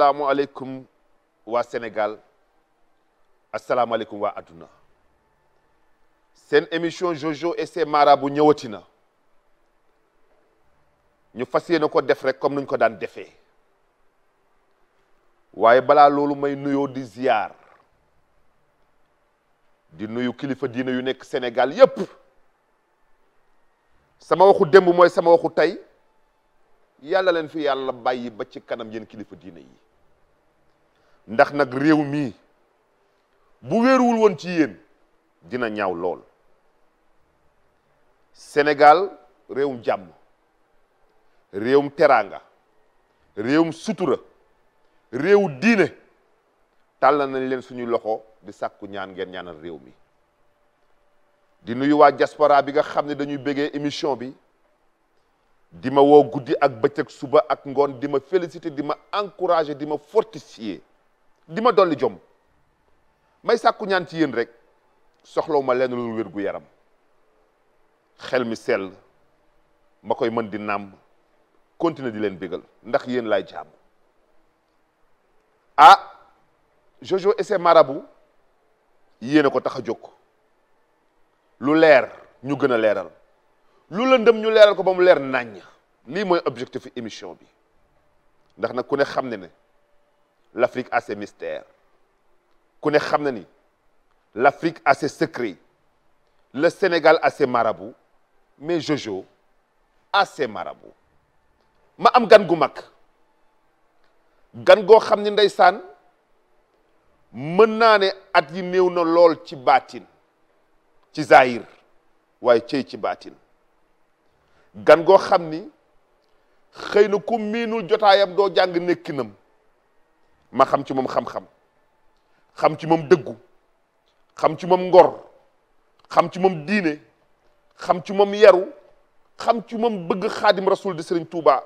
asalaamualeykum waa Sénégal asalaamualeykum waa adduna seen émission Jojo et ses marabouts ñëwati na ñu fas yéene ko def rek comme nuñ ko daan defee waaye balaa loolu may nuyoo di ziyaar di nuyu kilifa diina yu nekk Sénégal yépp sama waxu démb mooy sama waxu tey yàlla leen fi yàlla bàyyi ba ci kanam yéen kilifa diina yi ndax nag réew mii bu wéeruwul woon ci yéen dina ñaw lool Sénégal réewum jàmm réew mu teraanga réew mu sutura réew diine tàllal nañ leen suñu loxo di sàkku ñaan ngeen ñaanal réew mi di nuyu waa diaspora bi nga xam ne dañuy bëggee émission bi di ma woo guddi ak bëccëg suba ak ngoon di ma féliciter di ma encourager di ma fortifier di ma dolli jom may sàkku ñaan ci yéen rek soxlaw ma lenn lu wér gu yaram xel mi sell ma koy mën di nàmm continuer di leen bégal ndax yéen laay jaam ah Jojo et ses marabouts yéen ko tax a jóg lu leer ñu gën a leeral lu lëndëm ñu leeral ko ba mu leer naññ lii mooy objectif émission bi ndax nag ku ne xam ne ne l'Afrique a ses ku ne xam na ni l'Afrique a ses secrets le Sénégal a ses marabouts mais Jojo a ses ma am gan gu mag gan goo xam ni ndeysaan mën naa ne at yi néew na lool ci baatin ci zahir waaye cey ci baatin gan goo xam ni xëy na ku miinul jotaayam doo jàng nekkinam ma xam ci moom xam-xam xam ci moom dëggu xam ci moom ngor xam ci moom diine xam ci moom yaru xam ci moom bëgg xaadim rasul di sëriñ Touba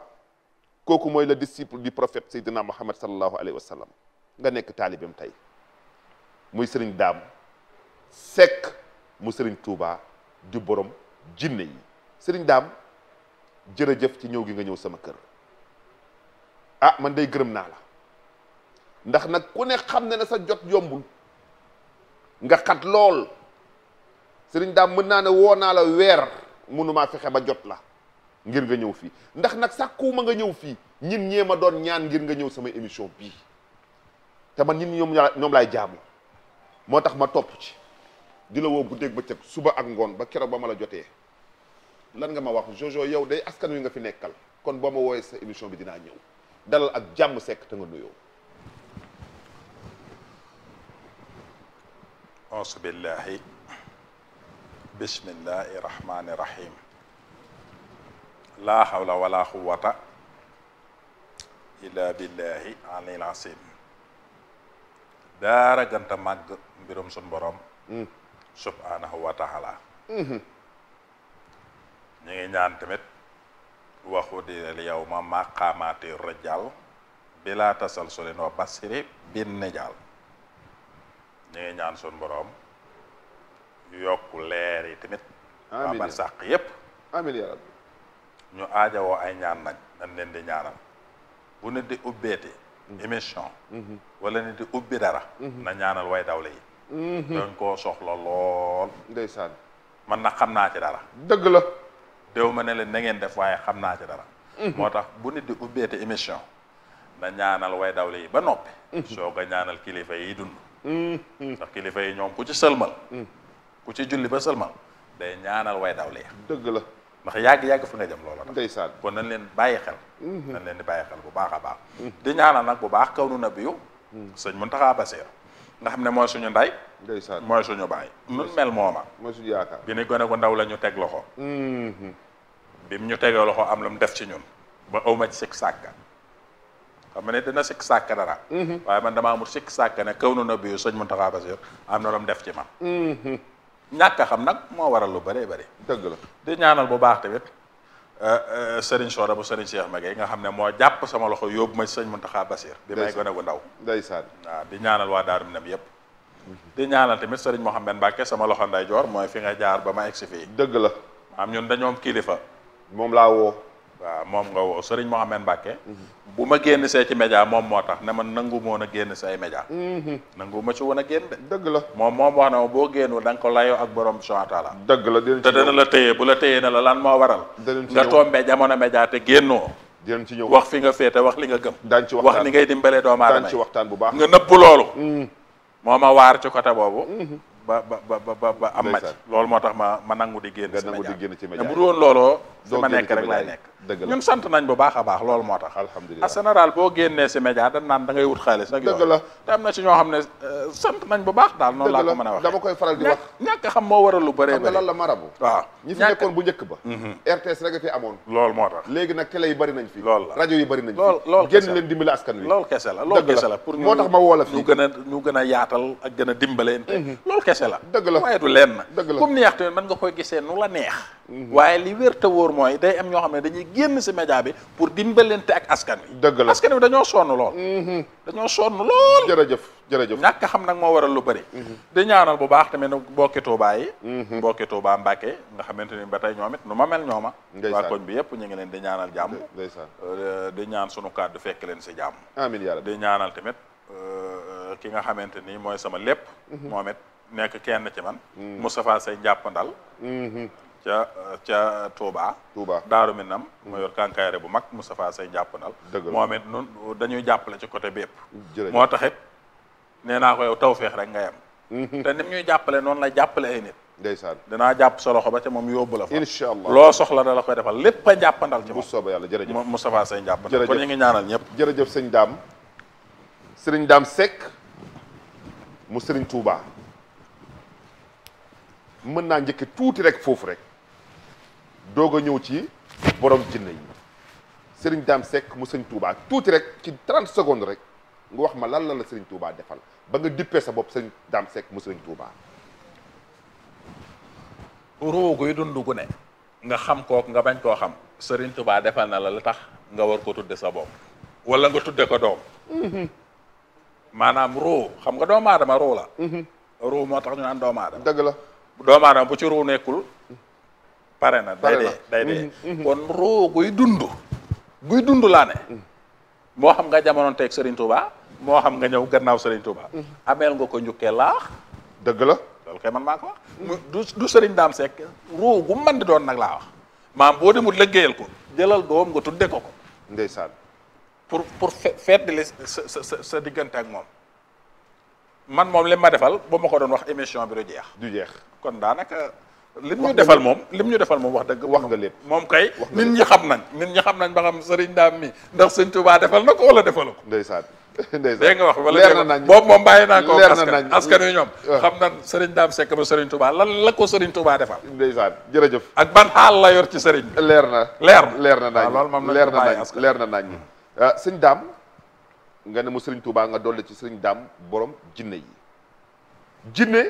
kooku mooy le disciple du prophète Seydina Muhammad sallallahu alayhi wa sallam nga nekk taalibeem tey muy sëriñ daam sekk mu sëriñ Touba di boroom jinne yi sëriñ daam jërëjëf ci ñëw gi nga ñëw sama kër ah man day gërëm naa ndax nag ku ne xam na ne sa jot yombul nga xat lool sëriñ daam mën naa ne woo naa la weer mënumaa fexe ba jot la ngir nga ñëw fii ndax nag sàkkuwuma nga ñëw fii ñin ñee ma doon ñaan ngir nga ñëw sama émission bii te man ñin ñoom ñoom laay jaamu moo tax ma topp ci di la woo guddeeg bëccëg suba ak ngoon ba keroog ba ma la jotee lan nga ma wax Jojo yow day askan wi nga fi nekkal kon boo ma wooyee sa émission bi dinaa ñëw dalal ak jàmm sekk te nga nuyoo. ausu billahi bismillahi rahmani rahim laa hawla wala quwata illa billahi alil asim daara ganta màgg mbirum sun borom mm. subhanahu wa taala mm-hmm. ñu ngi ñaan tamit waxu dinel yow ma maqaamaati rajal bila tasalsulin wa basiri bin nijaal ñu ngi ñaan sun borom yokk leer yi tamit. amiin waa barsàq yépp amiin yaa rabbi ay ñaan nag dañ leen di ñaanal bu nit di ubbeeti mm-hmm. émission mm-hmm. wala nit di ubbi dara mm-hmm. na ñaanal way dawle yi dañ koo soxla lool man na xam naa ci dara dëgg la déw ma ne leen na ngeen def waaye xam naa ci dara moo tax bu nit di ubbeeti émission na ñaanal way dawle yi ba noppi soo ko ñaanal kilifa yi dund ndax kilifa yi ñoom ku ci sëlmal ku ci julli ba sëlmal day ñaanal way daw li dëgg la ndax yàgg-yàgg fu nga jëm loola ndeysaan kon nañ leen bàyyi xel mhm. nañ leen di bàyyi xel bu baax a baax di ñaanal nag bu baax kaw nu na biyu mhm. sëñ Muntaxa Basiir nga xam ne mooy suñu nday ndeysaan mooy suñu baay nun mel mooma mooy suñu yaakaar bi ni gone gu ndaw la ñu teg loxo mhm. bi mu ñu tegee loxo am la mu def ci ñun ba awma ci sik sàkka xam ne dina sikk sàkk dara mhm. waaye man damaa amul sikk sàkk ne kaw nu na biyu sëñ Mountakha Bassirou am na loom def ci ma mhm. ñàkk xam nag moo waral lu bëree bëri dëgg la di ñaanal bu baax tamit euh, euh, sëriñ Soda bu sëriñ Cheikh Maguette nga xam ne moo jàpp sama loxo yóbbu ma sëñ Mountakha Bassirou bi may gone gu ndaw ndeysaan waaw di ñaanal waa Daaru Minam yëpp mhm. di ñaanal tamit sëriñ moo xam Mouhamed Mbacke sama loxo ndeyjoor mooy fi nga jaar ba ma egsi fii dëgg la am ñun dañoom kilifa moom laa waaw moom nga woo moo Mohamed Mbacke. Mhm. bu ma génn see ci média moom moo tax ne ma nangu moon a génn say média mhm. nangu ma ci woon génn de la moom moom wax na boo génnul da nga ko layoo ak borom subhanahu wa taala dëgg la te la téye la la moo waral nga tombee jamono média te génnoo dinañ wax fi nga féete wax li nga gëm daañ ci wax ni ngay dimbalee doomu aadama daañ ci waxtaan bu baax nga nëpp loolu mhm. moo ma waar ci côté boobu ba ba ba ba ba am maj loolu moo tax ma ma nangu di génn ci média nangu di génn ci looloo fi ma nekk rek laay nekk ñun sant nañ bu baax a baax loolu moo tax alhamdulilah en général boo génnee si média dañ naan wut xaalis nag dëgg la xam ne euh, sant nañ bu baax daal noonu laa ko mën a wax dama koy faral di wax lan la marabu waaw ñi fi ba mhm. RTS rek a fi amoon loolu moo yi bëri nañ fi loolu la rajo la loolu kese la a ñu gën a yaatal ak gën mhm. nga koy gisee nu la neex mhm. waaye li wér wóor mooy day am ñoo xam ne dañuy génn si média bi pour dimbalante ak askan wi. dëgg la askan wi dañoo sonn lool. Mm-hmm. dañoo sonn lool. jërëjëf jërëjëf ñàkk xam nag moo waral lu bari mm-hmm. di ñaanal bu baax tamit mbokki Touba yi. Mm-hmm. mbokki Touba Mbacke nga xamante ni ba tey ñoom it nu ma mel ñooma. ndeysaan waa koñ bi yëpp ñu ngi leen di ñaanal jàmm. Euh, di ñaan sunu kàddu fekk leen si jàmm. amiin yàlla di ñaanal tamit euh, ki nga xamante ni mooy sama lépp. moom nekk kenn ci man. Moustapha Seye njàppandal ca ca Touba. Touba Daaru Minam. moo yor kànkaayre bu mag mu Sey jàppandal. dëgg la moom it nun dañuy jàppale ci côté bépp. jërëjëf moo taxit nee naa ko yow tawféex rek nga yem. Mhm. te nim ñuy jàppale noonu la jàppale ay nit. ndeysaan danaa jàpp sa loxo ba ca moom yóbbu la fa incha loo soxla da la koy defal lépp a jàppandal ci moom bu soobee yàlla jërëjëf Moustapha Sey jàppandal kon ñu ngi ñaanal ñëpp jërëjëf sëñ Dame sëriñ Dame Seck mu sëriñ Touba mën naa njëkki tuuti rek foofu rek doog a ñëw ci boroom jinne yi sëriñ Dame sekk mu Serigne Touba tuuti rek ci 30 secondes rek nga wax ma lan la la Serigne Touba defal ba nga dippee sa bopp Serigne Dame Seck mu Serigne Touba. roogu yi du gu nga xam kook nga bañ koo xam sëriñ Touba defal na la la tax nga war ko tudde sa bopp walla nga tudde ko doom. Mhm. maanaam roo xam nga doomu aadama roo la. Mhm. roo moo tax ñu naan doomu aadama. dëgg bu ci roo nekkul. pare na day dee day dee mhm, mhm. kon roo guy dund guy dund laa ne mhm. moo xam nga jamonoon teeg Serigne Touba moo xam nga ñëw gannaaw Serigne Touba ameel nga ko njukkee laax dëgg la loolu kay man maa ko wax du Serigne Dame Seck roo man di doon nag laa wax maam boo demul liggéeyal ko jëlal doom nga tudde ko ko ndeysaan pour pour feddali sa sa sa diggante ak moom man moom li ma defal ba ma ko doon wax émission bi du jeex du jeex kon daanaka lim ñu defal moom lim ñu defal moom wax dëgg wax nga lépp moom kay nit ñi xam nañ nit ñi xam nañ ba xam sëriñ daam mi ndax sëñ Tuubaa defal na ko wala defalu ko ndeysaan dégg nga wax wala leer na nañ boobu moom bàyyi naa ko askan askan wi ñoom xam nañ sëriñ daam sekk ba sëriñ Tuubaa lan la ko sëriñ Tuubaa defal ndeysaan jërëjëf ak ban xaal la yor ci sëriñ leer na leer leer na nañ ah, loolu moom leer na nañ leer ah, na nañ sëñ daam nga ne mu sëriñ Tuubaa nga dolli ci sëriñ daam borom jinne yi jinne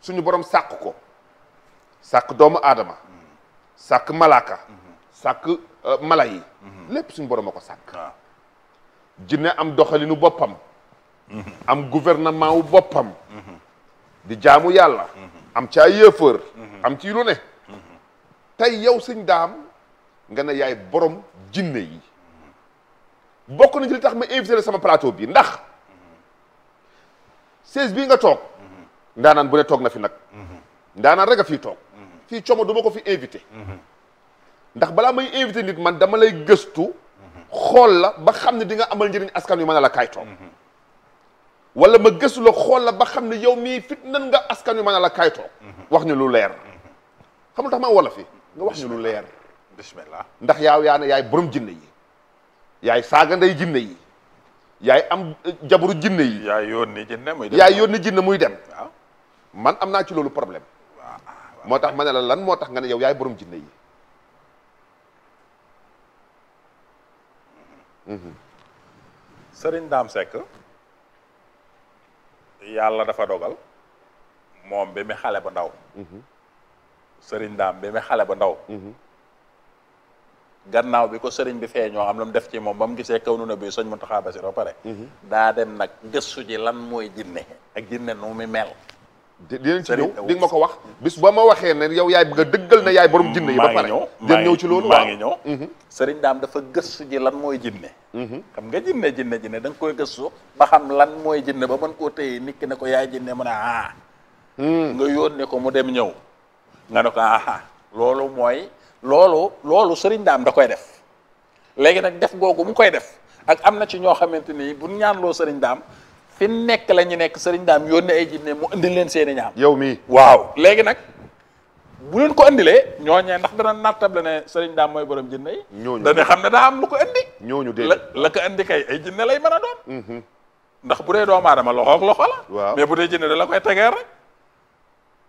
suñu borom sàq ko sàkk doomu aadama sàkk malaaka sàkk euh, mala yi lépp suñu borom a ko sàkk jinne am doxalinu boppam am gouvernement wu boppam di jaamu yàlla am ci ay yëfër am ci lu ne tey yow sëñ daam nga ne yaay boroom jinne yi bokk na ci li tax ma invité sama plateau bi ndax seize bii nga toog ndaanaan bu ne toog na fi nag ndaanaan rek a fi toog kii como du ma ko fi invité ndax balaa may invité nit man dama lay gëstu xool la ba xam ne dinga amal njëriñ askan wi ma a la kaay toog wala ma gëstu la xool la ba xam ne yow mii fit nan nga askan wi ma a la kaay wax ñu lu leer xam lu tax ma wala fi nga wax ñu lu leer bismillah ndax yaaw yaa ne yaay borom jinne yi yaay saaga nday jinne yi yaay am eh, jabaru jinne yi yaay yónni jinne muy dem yaay yónni jinne muy dem man am naa ci loolu problème moo tax ma ne la lan moo tax nga ne yow yaay borom jinne yi mhm. sëriñ Daam Seck yàlla dafa dogal moom bi mu xale ba ndaw mhm. sëriñ Daam bi mu xale ba ndaw mhm. gannaaw bi ko sëriñ bi feeñoo am lu mu def ci moom ba mu gisee kaw nu na bii soñ mu taxaa basir ba pare daa dem nag gëstu ji lan mooy jinne ak jinne nu mu mel dinañ ci ñëw di nga ma ko wax bis ba ma waxee ne yow yaay nga a dëggal na yaay borom jinne yi ba pare dinañ ñëw ci loolu maa ngi ñëw mhm. sëriñ daam dafa gëstu ji lan mooy jinne mhm. xam nga jinne jinne jinne danga nga koy gëstu ba xam lan mooy jinne ba man koo téye nit ki ne ko yaay jinne mu ne ah mhm. nga yónnee ko mu dem ñëw nga ne ko aha ah. loolu mooy loolu loolu sëriñ daam da koy def léegi nag def googu mu koy def ak am na ci ñoo xamante ni bu ñaanloo sëriñ daam fi nekk la ñu nekk sëriñ daam yónnee ay jinne mu indil leen seeni ñaam. yow mii waaw léegi nag bu leen ko indilee ñooñee ndax dana nattable ne sëriñ daam mooy borom jinne yi. ñooñu dañuy xam ne daa am lu ko indi. ñooñu dee la la ko indi kay ay jinne lay mën a doon. Mm-hmm. ndax bu dee doomu aadama loxo ak loxo la. waaw mais bu dee jinne da la koy tegeer rek.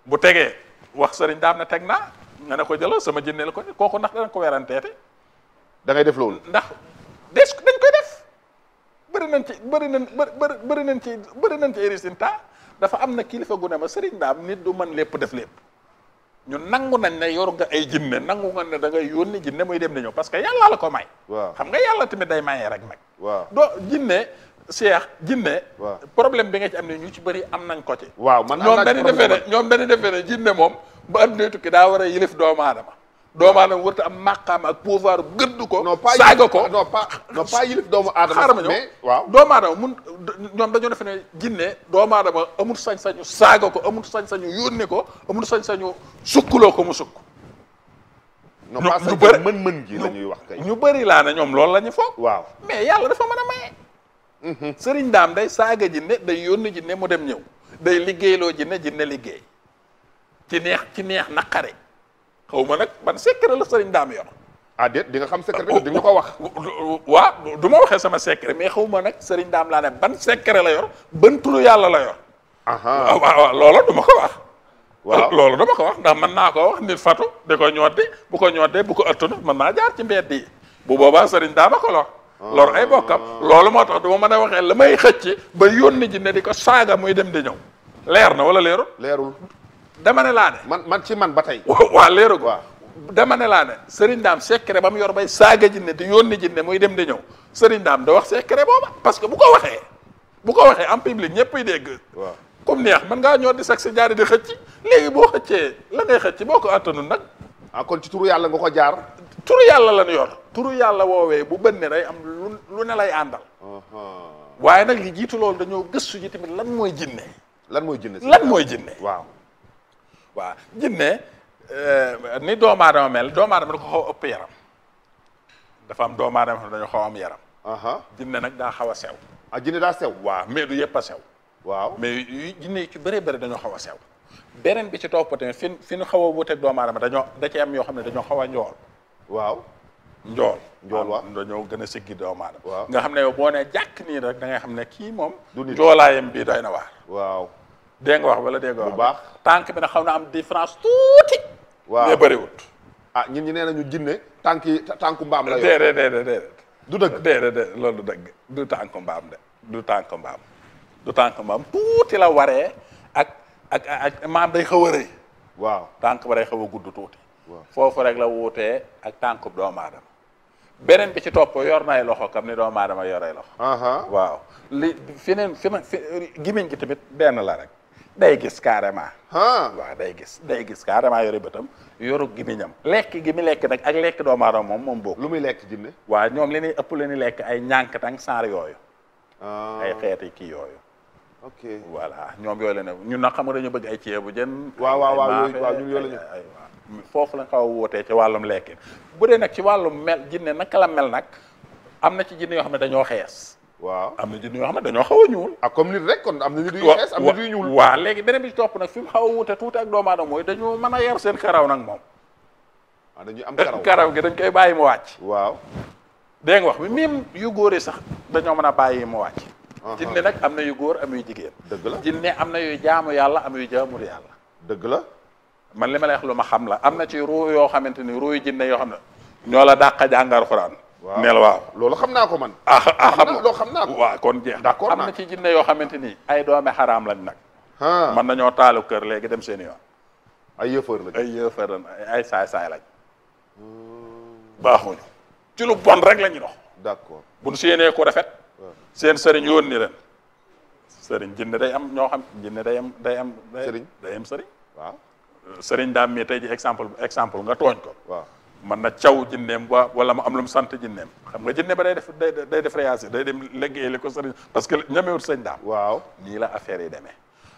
bu tegee wax sëriñ daam ne teg naa nga ne ko jëlal sama jinne la ko kooku ndax dana ko weeranteete. da def loolu ndax des dañ koy bëri nañ ci bëri nañ bëri bëri nañ ci bëri nañ ci résultat dafa am na kilifa gu ne ma sëriñ daam nit du man lépp def lépp ñu nangu nañ ne yor nga ay jinne nangu nga ne da ngay yónni jinne muy dem di ñëw parce que yàlla la ko may. xam nga yàlla tamit day mayee rek nag. waaw doo jinne Cheikh jinne problème bi nga ci am ne ñu ci bëri am nañ ko ci. waaw man am naa ci ñoom dañu defee ne ñoom dañu defee ne jinne moom ba am tukki daa war a yilif doomu aadama doomu aadama warut am màqaam ak pouvoir gëdd ko. non saaga ko non ah, yilif doomu aadama. xaaral ma ñëw waaw mun ñoom dañoo defe ne jinne doomu aadama amul sañ-sañu saaga ko amul sañ-sañu yónne ko amul sañ-sañu sukkuloo ko mu sukk. non pas ñu bëri mën-mën ji la ñuy wax kay. ñu bëri laa ne ñoom loolu la ñu foog. mais yàlla dafa mën a maye. Mhm. sëriñ daam day saaga jinne day yónni jinne mu dem ñëw day liggéeyloo jinne jinne liggéey ci neex ci neex naqare xaw ma nag ban secret la sëriñ daam yor ah di nga xam secret bi di nga ko wax oh, waaw du ma waxe sama secret mais xaw ma nag sëriñ daam laa ne ban secret la yor ban yàlla la yor aha ah, waaw waaw du ma ko wax waaw loolu dama ko wax ndax mën naa ko wax nit fatu di ko ñooddi bu ko ñoddee bu ko ëttuna mën naa jaar ci mbedd yi bu boobaa sëriñ daam a ko lor ah. lor ay bokkam loolu moo tax du ma mën a waxee la may xëcc ba yónni ji ne di ko saaga muy dem di ñëw leer na wala leerul leerul dama laa ne. man man ci man ba tey. waa leeru ko dama ne laa ne Serigne daam secret ba mu yor bay saaga jinne te yónni jinne muy dem di ñëw Serigne daam da wax secret booba parce que bu ko waxee bu ko waxee am public ñëppay dégg. waaw comme neex man ngaa ñor di sag si jaari di xëcc léegi boo xëccee la ngay xëcc boo ko attanul nag. ah kon ci turu yàlla nga ko jaar. turu yàlla lan yor. turu yàlla woowee bu bënne day am lu ne lay àndal. Uh-huh. waaye nag li jiitu loolu dañoo gëstu ji tamit lan mooy jinne. lan mooy jinne lan mooy jinne waaw. waaw jinne euh, ni doomu aadama mel doomu aadama da ko xaw ëpp yaram dafa am doomu aadama dañu xaw am yaram jinne nag daa xaw a sew ah jinne daa sew waa mais du yëpp a sew waaw mais jinne yi ci bëree bëri dañoo xaw a sew beneen bi ci topp tamit fi fi xaw a wuteeg doomu aadama dañoo da ci am yoo xam ne dañoo xaw a njool waaw njool njool waaw dañoo gën a siggi doomu aadama nga xam ne yow boo ne jàkk nii rek da ngay xam ne kii moom du njoolaayam bii doy na waar waaw dégg nga wax wala dégg nga wax bu baax tànk bi nag xam na am différence tuuti. waaw mais bëriwut. ah ñun ñi nee nañu jinne tànk yi tànk mbaam la. déedéet déedéet déedéet. du dëgg loolu du dëgg du tànku mbaam de du tànk mbaam du tànku mbaam tuuti la waree ak ak ak maam day xaw a rëy. waaw tànk ba day xaw a gudd tuuti. foofu rek la wuutee ak tànku doomu aadama beneen bi ci topp yor nay loxo kam ni doomu aadama yoree loxo. waaw li fi neen fi ma gémmiñ gi tamit benn la rek. day gis carrément. waaw day gis day gis carrément yore bëtam yoru gimiñam lekk gi mi lekk nag ak lekk doomu moom moom bokk. lu muy lekk jinne waaw ñoom li ñuy ëpp lu ñuy lekk ay ñànkatang saar yooyu. Ah. ay xeeti kii yooyu. ok voilà ñoom yooyu la ñun nag xam nga dañu bëgg ay ceebu jën. waaw waaw foofu la xaw a wootee ci wàllum lekkin bu dee nag ci wàllum mel jinne naka la mel nag am na ci jinne yoo xam ne dañoo xees. waaw am na jën yoo xam ne dañoo xaw a ñuul ah comme nit rek kon am na nit yu xees am na nit yu ñuul waaw léegi beneen bi ci topp nag fi mu xaw a wute tuuti ak doomu aadama mooy dañoo mën a yar seen karaw nag moom waaw ah, dañuy am karaw gi dañ koy bàyyi mu wàcc waaw dégg wax bi même yu góor sax dañoo mën a bàyyi mu wàcc jinne nag am na yu góor am yu jigéen dëgg la jinne am na yu jaamu yàlla am yu jaamul yàlla dëgg la man li ma lay lu ma xam la am na ci ruu yoo xamante ni ruu jinne yoo xam ne ñoo la dàq jàngar xuraan neel waaw loolu xam naa ko man. ah ah xam loo xam naa ko waaw kon jeex. d'accord am na ci jinne yoo xamante ni ay doome xaraam lañ nag. mën nañoo taalu kër léegi dem seen yoon. ay yëfër lañ ay yëfër lañ ay saay-saay lañ. baaxuñu ci lu bon rek lañuy ñu dox. d'accord buñ séenee ku rafet. seen sëriñ yoon ni leen. sëriñ jinne day am ñoo xam jinne day am day am. sëriñ day am sëriñ. waaw daam mi tey ji exemple exemple nga tooñ ko. waaw. mën na caw jinneem wa wala ma am lu mu sant jinneem xam nga jinne ba day def day day def réagir day dem liggéey li ko sëriñ parce que ñemewut sëñ daam waaw nii la affaire yi demee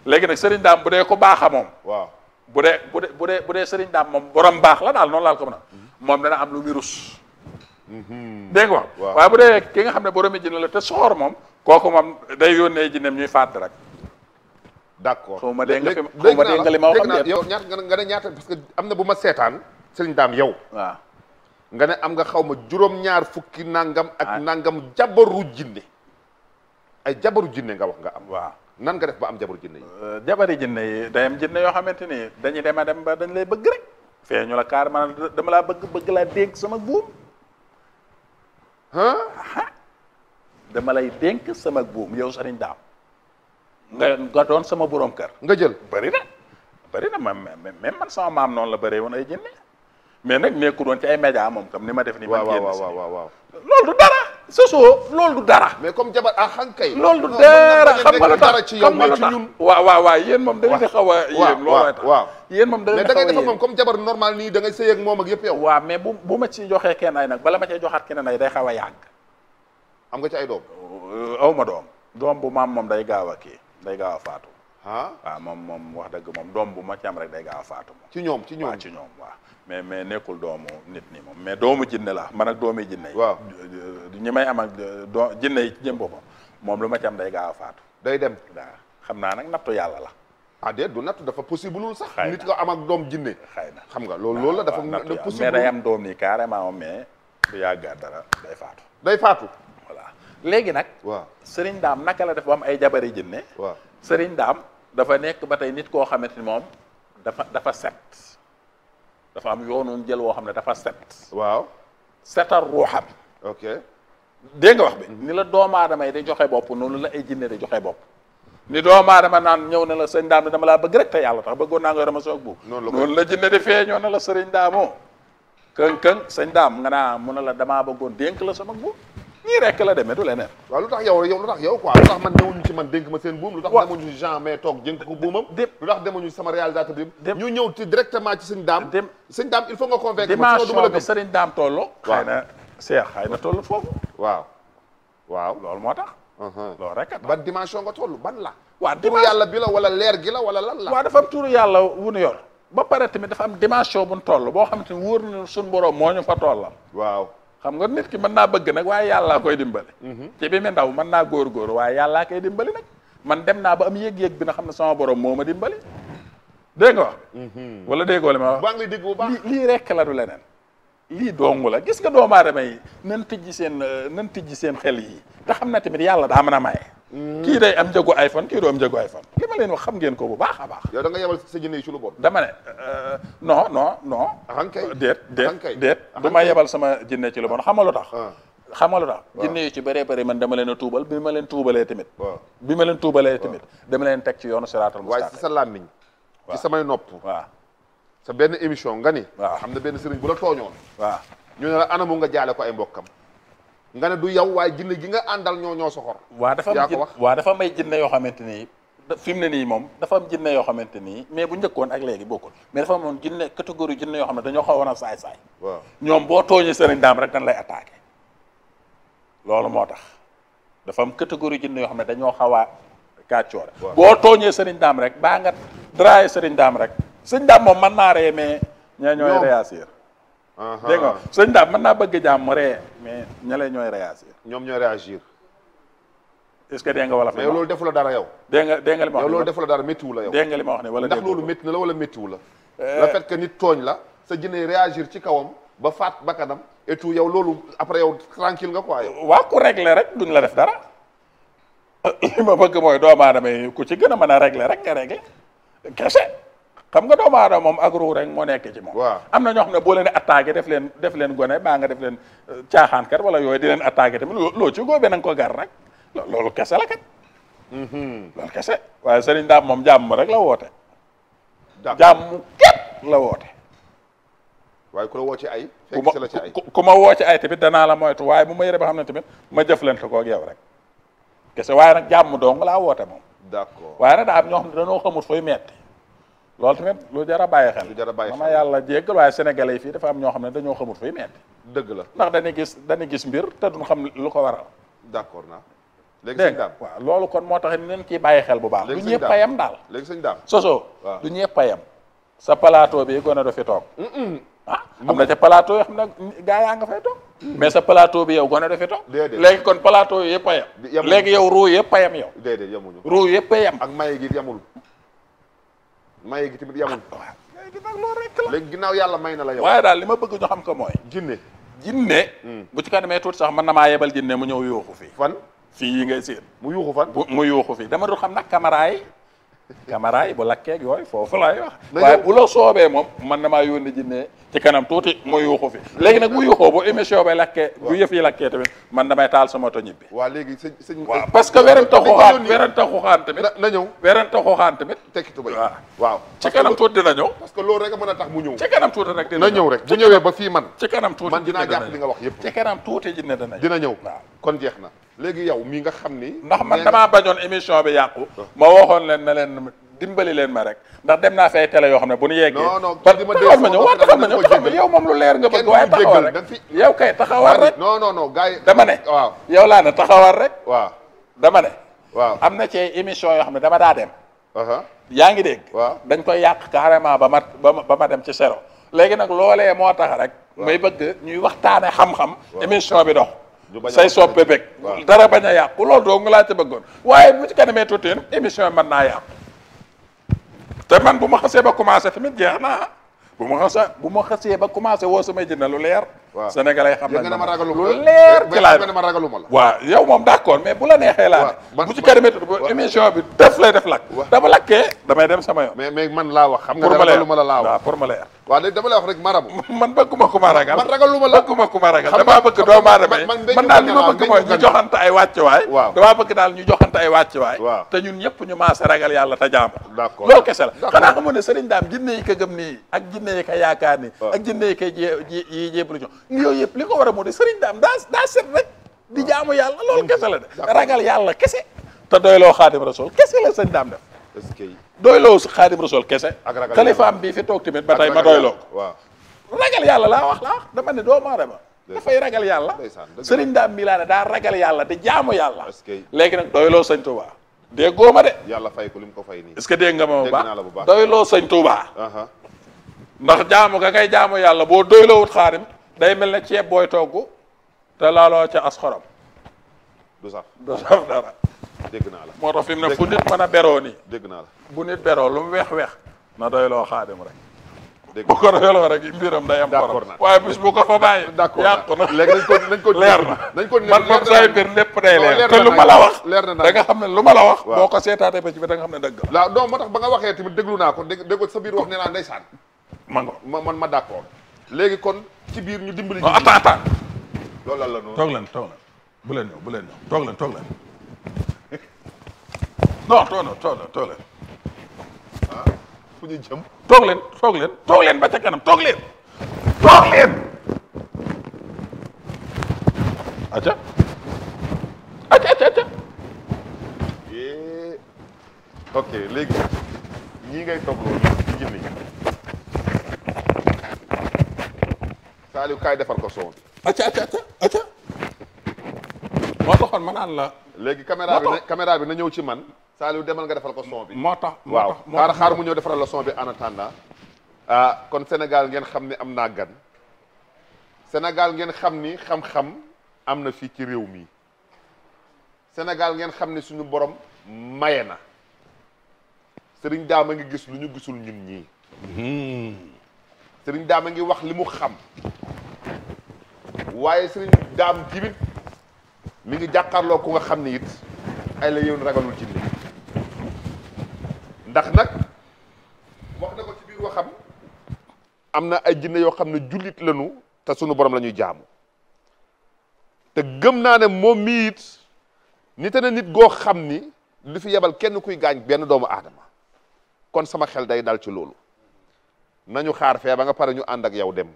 léegi nag sëriñ daam bu dee ko baaxa moom waaw bu dee bu dee bu dee bu dee sëriñ daam moom borom baax la daal noonu laal ko mën mm-hmm. moom dana am lu virus mm-hmm. dégg nga wax waaye bu dee ki nga xam ne boromi jinne la te soxor moom kooku moom day yónnee jinneem ñuy fàdd rek d' accord ma dégg nga fi xaw ma dégg nga li ma wax nga ne ñaata am na bu ma seetaan sëriñ daam yow. nga ne am nga xaw ma juróom-ñaar fukki nangam. ak ah. nangam jabaru jinne ay jabaru jinne nga wax nga am. waa nan nga def ba am jabaru jinne yi. Euh, jabari jinne yi day am jinne yoo xamante ni dañuy dem a dem ba dañ lay bëgg rek. fee la kaar man dama laa bëgg bëgg laa sama buum. dama lay dénk sama buum yow sëriñ daam. nga nga doon sama borom kër. nga jël bëri na. bëri na même man sama maam noonu la bari woon ay jinne mais nag nekku doon ci ay média moom tam ni ma def ni man génn si waaw loolu du dara soso loolu dara mais comme jabar a ah, xam kay loolu du dara xam nga lu tax xam nga lu tax waaw waaw waaw moom da ngeen di xaw a waaw yéen moom da ngeen mais moom comme jabar normal nii da ngay sëy ak moom ak yëpp yow waaw mais bu bu ma ci joxee kenn ay nag bala ma cee joxaat kenn ay day xaw a yàgg am nga ci ay doom aw ma doom doom bu maam moom day gaaw a kii day gaaw a faatu ah moom moom wax dëgg moom doom bu ma ci am rek day gaaw a faatu ci ñoom ci ñoom ci ñoom waaw mais mais nekkul doomu nit ni moom mais doomu jinne la man ak doomi jinne yi waaw ñi may am ak euh, doo jinne yi ci jëm boppam moom lu ma ci am day gaaw a faatu day dem xam naa nag nattu yàlla la ah déet du nattu dafa possible lul sax nit nga am ak doom jinne xëy na xam nga loolu loolu la dafa possible mais day am doom yi carrément mais du yàggaat dara day faatu day faatu voilà léegi nag waaw sëriñ daam naka la def ba am ay jabari jinne waaw sëriñ daam dafa nekk ba tey nit koo xamante ni moom dafa dafa set dafa am yoonu jël woo xam ne dafa set. waaw setal ruuxa bi. ok dégg nga wax bi. ni la doomu aadama yi di joxe bopp noonu la ay jinne di joxe bopp. ni doomu aadama naan ñëw na la sëñ daam dama laa bëgg rek te yàlla tax bëggoon naa nga rama soog bu noonu la jinne di feeñoo na la sëriñ daamoo këng këng sëñ daam nga naa mun na la damaa bëggoon dénk la sama bu ñii rek la demee du leneen. waaw lu tax yow yow lu tax yow quoi lu tax man demuñu ci man dénk ma seen buum. lu tax demuñu ci Jean mais toog jënk ko buumam. lu tax demuñu sama réalisateur bi. ñu ñëw ci directement ci sëñ Dame. dem sëñ Dame il faut nga convaincre ma soo du ma la gëm dimension bi sëriñ Dame tolloo. foofu. waaw waaw loolu moo tax. Uh-huh. loo rek ban dimension nga toll ban la. waaw dimension turu yàlla bi la wala leer gi la wala lan la. waaw dafa am yàlla wu yor. ba pare tamit dafa am dimension bu toll boo xamante ni wóor na suñu borom moo ñu fa tollal waaw xam nga nit ki man naa bëgg nag waaye yàllaa koy dimbali mhm. ci bi ma ndaw mën naa góor-góor waaye yàllaa koy dimbali nag man dem naa ba am yéeg-yéeg bi na xam ne sama borom moom a dimbali dégg nga wax mhm. wala déggoo li ma wax baa ngi lii rekk la du leneen lii dong la gis nga doomu aadama yi nan tijji seen nan tijji seen xel yi te xam na tamit yàlla daa mën a maye kii day am njëgu iPhone kii du am njëgu iPhone li ma leen wax xam ngeen ko bu baax a baax. yow da nga sa jinne yi ci lu bon. dama ne euh, non non non. déet déet déet ma yebal sama jinne ci lu bon xam nga lu tax. Ah. xam lu tax jinne yu ci bëree bëri man dama leen a tuubal bi ma leen tuubalee tamit. bi ma leen tuubalee tamit dama leen teg ci yoonu siraatal mustaqiim. waaye ci sa làmmiñ. waa samay nopp. waaw sa benn émission nga ni. waaw xam na benn sëriñ bu la tooñoon. waaw ñu ne la anamu nga jaale ko ay mbokkam nga ne du yow waaye jinne gi nga àndal ñoo ñoo soxor waa dafa am waa dafa am ay jinne yoo xamante nii fi mu ne nii moom dafa am jinne yoo xamante nii mais bu njëkkoon ak léegi bokkul mais dafa amoon jinne catégorie jinne yoo xam ne dañoo xawoon a saay-saay ñoom boo tooñee sëriñ daam rek lay attaqué loolu moo tax dafa am catégorie jinne yoo xam ne dañoo xaw a kàccoor boo tooñee sëriñ daam rek baa nga draayee sëriñ daam rek sëriñ daam moom man naa ree mais ñoo ñooy réagir dégg nga sëñ daal mën naa bëgg jàmm mu ree mais ñale ñooy réagir. ñoom ñooy réagir. est-ce que dégg nga wala. mais loolu defu la dara yow. dégg nga dégg nga li ma wax yow loolu defu la dara méttiwu la yow. dégg ma wax ne wala ndax loolu métti na la wala méttiwu la. Euh, le fait que nit tooñ la sa jinne réagir ci kawam ba faat bakkanam et tout yow loolu après yow tranquille nga quoi yow. waaw ku régler rek duñ la def dara. ma bëgg mooy doomu aadama yi ku ci gën a mën a régle rek nga régler kese. xam nga doomu aadama moom ak ruu rek moo nekk ci moom am na ñoo xam ne boo leen attaqué def leen def leen gone baa nga def leen euh, caaxaankat wala yooyu di leen attaqué tamit loo ci góobee na ko gar rek loolu kese la kat mm-hmm. loolu kese waaye sëriñ daam moom jàmm rek la woote jàmm képp la woote waaye ku woo ci ay fekk si la ci ay ku ma woo ci ay tamit danaa la moytu waaye bu ma yëre ba xam ne tamit ma jëflante koog yow rek kese waaye nag jàmm dong la woote moom d'accord waaye nag daa am ñoo xam ne dañoo xamut fooy metti loolu tamit lu jar a bàyyi xel lu jar a bàyyi yàlla jéggal waaye sénégalais yi fii dafa am ñoo xam ne ñoo xamut fay metti dëgg la ndax dañuy gis dañuy gis mbir te duñ xam lu ko waral d'accord naa léegi sëñ waaw loolu kon moo tax neen ciy bàyyi xel bu baax du ñëpp a yem daal léegi sëñ daam soso du ñëpp a yem sa plateau bi gone do fi toog ah am na ca plateau yoo xam ne gaa yaa nga fay toog mais sa plateau bi yow gone do fi toog léegi kon plateau yi yëpp a yem léegi yow ruu yëpp a yem yow déedéet yemuñu ruu yëpp yem ak maye gi yemul maye gi tamit yamul waaw gi ginnaaw yàlla may na la waaye daal li ma bëgg ñu xam ko mooy jinne jinne hmm. bu ci kanamee tuuti sax mën na maa yebal jinne mu ñëw yuuxu fii fan fii yi ngay séen mu yuuxu fan mu yuuxu fii dama dul xam nag caméra caméra yi bu lakkeeg yooyu foofu laay wax waaye bu la soobee moom man na maa yónni jinne ci kanam tuuti mu yuuxu fi léegi nag bu yuuxoo bu émission bay lakkee bu yëf yi lakkee tamit man damay taal sama to ñibbi waaw léegi sëñ sëñ waaw parce que werante xuxaan werante tamit na ñëw werante xuxaan tamit tekki tubay waaw waaw ci kanam tuuti dina ñëw parce que loolu a mën a tax mu ñëw ci kanam tuuti rek dina ñëw rek ba fii man ci kanam tuuti man dinaa li nga wax yëpp ci kanam tuuti jinne dina ñëw dina ñëw waaw kon jeex léegi yow mii nga xam ni. ndax man damaa bañoon émission bi yàqu. Ah. ma waxoon leen na leen dimbali leen ma rek ndax dem naa say télé yoo xam ne bu ñu yeggee. non non kii di ma dégg ma ñëw waaw taxaw ma ñëw taxaw ma yow moom lu leer nga bëgg. waaye yow kay taxawal rek. non non non gars yi dama ne. waaw yow laa ne taxawal rek. waaw dama ne. waaw am na cee émission yoo xam ne dama daa dem. yaa ngi dégg. waaw dañ koy yàq carrément ba ma ba ma dem ci sero léegi nag loolee moo tax rek. may bëgg ñuy waxtaane xam-xam émission bi dox say soppe beg dara bañ a yàqu loolu doo nga laa ca bëggoon waaye bu ci kanamee tuuti émission mën naa yàqu te man bu ma xasee ba commencé tamit jeex naa bu ma xasee bu ma xasee ba commencé woo samay jën lu leer sénégalais xam nañ ma lu leer ci laa waa yow moom d'accord mais bu la neexee laa ne bu ci kanamee tuuti émission bi def lay def lakk dama lakkee damay dem sama yoon mais mais man laa wax xam nga pour ma leer waaw pour ma leer waaw léegi dama lay wax rek man bëgguma ku ragal man ragal la bëgguma ku ma ragal damaa bëgg doomu aadama man daal li ma bëgg mooy ñu joxante ay wàccuwaay waaw damaa bëgg daal ñu joxante ay wàccuwaay waaw te ñun ñëpp ñu maase ragal yàlla te jaam d'accord kese la xanaa xamoon ne sëriñ daam jinne yi ka nii ak jinne yi ka yaakaar nii ak jinne yi ka ji yi jébbalu ñu yooyu yëpp li ko war a moo de sëriñ daam daa set rek di jaamu yàlla loolu kese la de ragal yàlla kese te doyloo xaadim rasul kese la sëriñ doyloo si xaadim rasul kese ak ragal xalifaam bii fi toog tamit ba tey ma ragal yàlla laa wax laa wax dama ne doomu aadama dafay ragal yàlla sëriñ daam mi laa daa ragal yàlla di jaamu yàlla léegi nag doyloo sëñ Tuubaa déggoo ma de yàlla fay ko lim ko fay nii est que dégg nga ma bu baax doyloo sëñ Tuubaa ndax jaamu ga ngay jaamu yàlla boo doyloo wut xaadim day mel ne ceeb booy togg te a ca as dégg naa la moo tax a beroo nii. dégg naa la bu nit weex weex na doyloo xaadim rek. dégg bu ko doyloo rek mbiram day am. d'accord na waaye bis bu ko fa bàyyi. d'accord yàqu ko nañ ko na. nañ ko man moom say ma la leer na da nga xam ne lu ma la wax. ko seetaatee ba nga ne dëgg la. waaw non moo tax ba nga waxee tamit déglu naa ko sa biir wax naa ndeysaan. man ma man ma d'accord léegi kon ci biir ñu dimbali. non attends attends. loolu la la noonu toog leen toog leen bu leen ñëw bu leen ñëw toog leen toog leen non toog na toog na leen ah ñu jëm toog leen toog leen toog leen ba ca kanam toog leen toog leen aca aca aca aca eh, ok léegi ñii ngay toog loolu ci jinni Saliou kaay defar ko soow bi aca aca aca aca ma naan la léegi caméra bi na bi na ñëw ci man Saliou demal nga defal ko son bi. moo tax moo tax waaw xaar xaar mu ñëw defaral la bi en attendant. Ah, kon Sénégal ngeen xam ni am naa gan. Sénégal ngeen xam ni xam-xam am na fii ci réew mi. Sénégal ngeen xam ni suñu borom maye na. Sëriñ Daama ngi gis lu ñu gisul ñun ñii. Sëriñ Daama ngi wax li mu xam. waaye Sëriñ Daam tamit mi ngi jàkkarloo ku nga xam ni it ay la yéen ragalul ci ndax nag wax am na ay jinne yoo xam ne jullit lanu te sunu borom la ñuy jaamu te gëm naa ne moom miit it nite na nit goo xam ni du fi yebal kenn kuy gaañ benn doomu aadama kon sama xel day daal ci loolu nañu xaar fee ba nga pare ñu ànd ak yow dem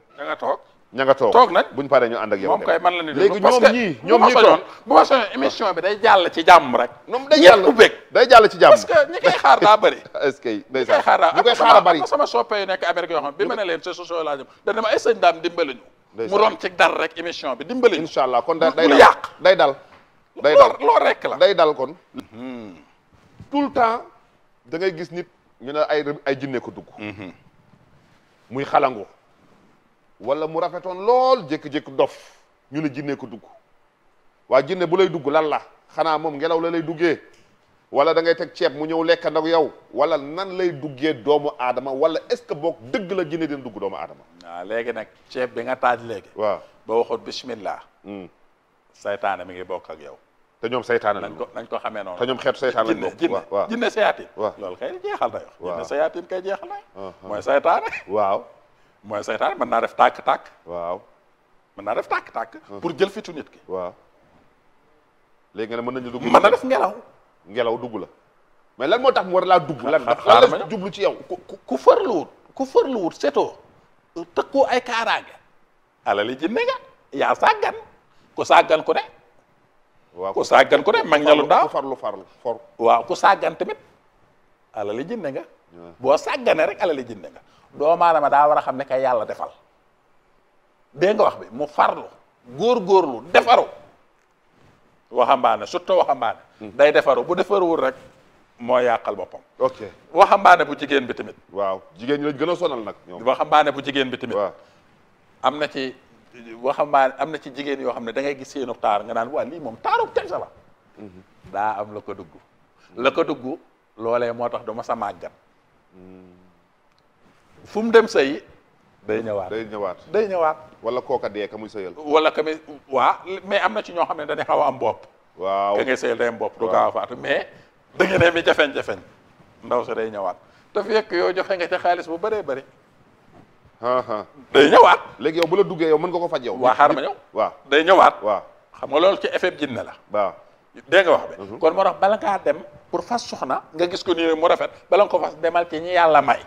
ña nga toog toog nag buñ paree ñu ànd ak yow moom kay man la ni léegi ñoom ñii ñoom ñii toog bu ma soñoon émission bi day jàll ci jàmm rek ñoom day jàll ubbeeg day jàll ci jàmm parce que ñi koy xaar daa bëri est-ce que ñi koy xaar daa ñu koy xaar a bëri sama soppe yu nekk Amérique yoo xam bi ma ne leen sa soso laa jëm dañ ma ay sëñ daam dimbali ñu mu rom ci dar rek émission bi dimbali ñu incha allah kon day dal yàq day dal day dal loolu rek la day dal kon hmm. tout le temps da ngay gis nit ñu ne ay ay jinne ko dugg hmm. muy xalangu wala mu rafetoon lool jékki-jékki dof ñu ne jinne ko dugg waa jinne bu lay dugg lan la xanaa moom ngelaw la lay duggee wala da ngay teg ceeb mu ñëw lekk nag yow wala nan lay duggee doomu adama wala est-ce que boog dëgg la jinne dina dugg doomu aadama waaw léegi nag ceeb bi nga taaj léegi waaw boo waxoon bismillah hmm. saytaane mi ngi bokk ak yow te ñoom saytaane lañ ko nañ ko xamee noonu te ñoom xeetu saytaane lañ bokk waaw waaw jinne sayaatin waaw loolu kay jeexal na yow jinne sayaatin kay jeexal uh-huh. waaw mooy seytaane mën naa def tàkk-tàkk. waaw mën naa def tàkk-tàkk. pour jël fitu nit ki. waaw léegi nga ne mën nañu dugg. mën na def ngelaw. ngelaw dugg la mais lan moo tax mu war laa dugg. lan lan la jublu ci yow. ku ku farluwut ku farluwut setoo tëkkoo ay kaaraange. alali jinne nga yaa sàggan ku sàggan ku ne. waaw ku sàggan ku ne mag ñalu daaw ku farlu farlu for. waaw ku sàggan tamit. alali jinne nga boo sàggane rek alali jinne nga doomu aadama daa war a xam ne kay yàlla defal dégg nga wax bi mu farlu góor-góorlu defaru waxambaane surto waxambaane hmm. day defaru bu defaruwul rek moo yàqal boppam waxambaane bu jigéen bi tamit waaw jigéen ñi gën a sonal nag waxambaane bu jigéen bi tamit am na ci waxambaane am na ci jigéen yoo xam ne dangay gis seenu taar nga naan waa lii moom taarub teg sa la mhm. daa am la ko dugg la ko dugg loolee moo tax du sa sa màggat fu mu dem sëyi day ñëwaat day ñëwaat day ñëwaat wala kooka dee ka muy sëyal wala ka muy waa mais am na ci ñoo xam ne dañuy xaw am bopp waaw ka ngay sëyal day am bopp du gaaw faatu mais da nga ne mi jafeñ-jafeñ ndaw sa day ñëwaat te fekk yow joxe nga ca xaalis bu baree bëri day ñëwaat léegi yow bu la duggee yow mën nga ko faj yow waa xaar ma ñëw waaw day ñëwaat waaw xam nga loolu ci effet jinne la waaw nga wax bi mhm. kon moo tax bala ngaa pour fas soxna nga gis ko nii mu rafet bala nga ko fas demal ci ñi yàlla may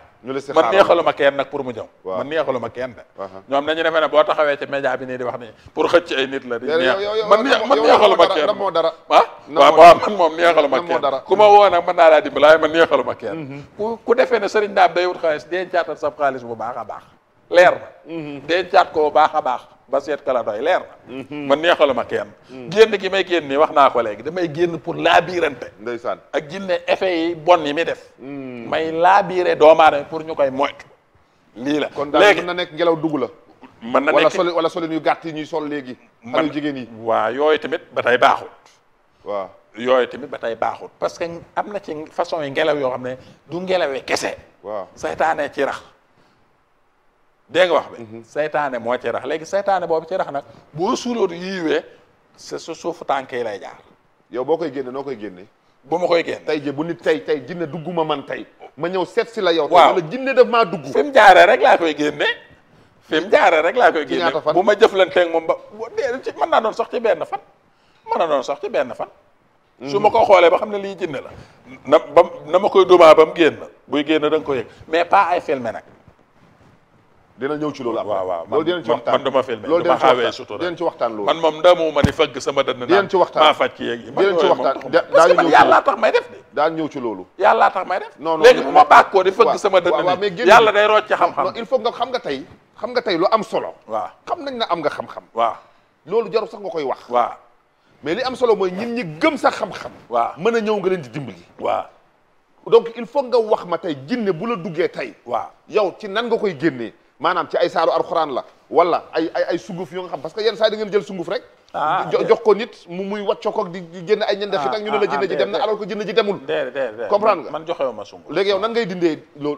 man neexaluma kenn nag pour mu ñëw man neexaluma kenn de ñoom nañu defe ne taxawee ci média bi nii di wax nii pour xëcc ay nit la di neex man man neexaluma moo dara ah waaw waaw man moom ku ma woo nag mën naa laa dimbali waaye man neexaluma kenn mm-hmm. ku ku defee ne sëriñ daab day wut xaalis dencaatal sab xaalis bu baax a baax leer na mm-hmm. dencaat ko bu baax a baax ba seet kala doy leer na mhm. man neexaluma kenn mhm. génn gi may génn nii wax naa ko léegi damay génn pour laabirante ndeysaan ak ginne effet yi bon yi mi def mhm. may laabiré doomaadama pour ñu koy moytu lii la kon daal mën na nekk ngelaw dugg la mën na nekk wala solin yu gàtt yi ñuy sol léegi xale jigéen yi waa yooyu tamit ba tey baaxut waaw yooyu tamit ba tey baaxul parce que am na ci façon yi ngelaw yoo xam ne du ngelawee kese waaw saytaane ci rax dégg wax bi mhm. seytaane moo ci rax léegi seytaane boobu ci rax nag boo suulóotu yiiwee c'est sa suufu tànk lay jaar yow boo koy génne noo koy génne ba ma koy génn tey ji bu nit tey tey jinne dugguma man tey ma ñëw seet si la yow waaw wala jinne maa dugg fi mu jaaree rek laa koy génne fi mu jaaree laa koy génne bu ma jëflanteeg moom ba dee ci mën naa doon sax ci benn fan mën na doon sax ci benn fan mhm. su ma ko xoolee ba xam ne lii jinne la na ba na ma koy dumaa ba mu génn buy génn da ko yëg mais pas ay filmé nag dina ñëw ci loolu am waaw waaw loolu dinañ ci waxtaan man dama filmé loolu dinañ ci waxtaan loolu man moom damu ma ni fëgg sama dënn dinañ ci waxtaan maa faj ci yeeg dinañ ci waxtaan daañu ñëw yàlla tax may def de daañu ñëw yàlla tax may def xam-xam il faut nga xam nga tey lu am solo waa xam nañ na am nga xam-xam waaw loolu jaru sax nga koy wax waaw mais li am solo mooy ñin ñi gëm sax xam-xam mën a ñëw nga leen di dimbali waa donc il faut nga wax ma tey jinne bu la duggee tey waa yow ci nan nga koy génnee maanaam ci ay saaru alxuraan la wala ay ay ay sunguf yoo nga xam parce que yenn saa yi da jël sunguf rek ah, jox ko nit mu muy wàcco koog di génn ay ñende xit ak ñu ne la ah, jënd ah, ji dem na alors que jënd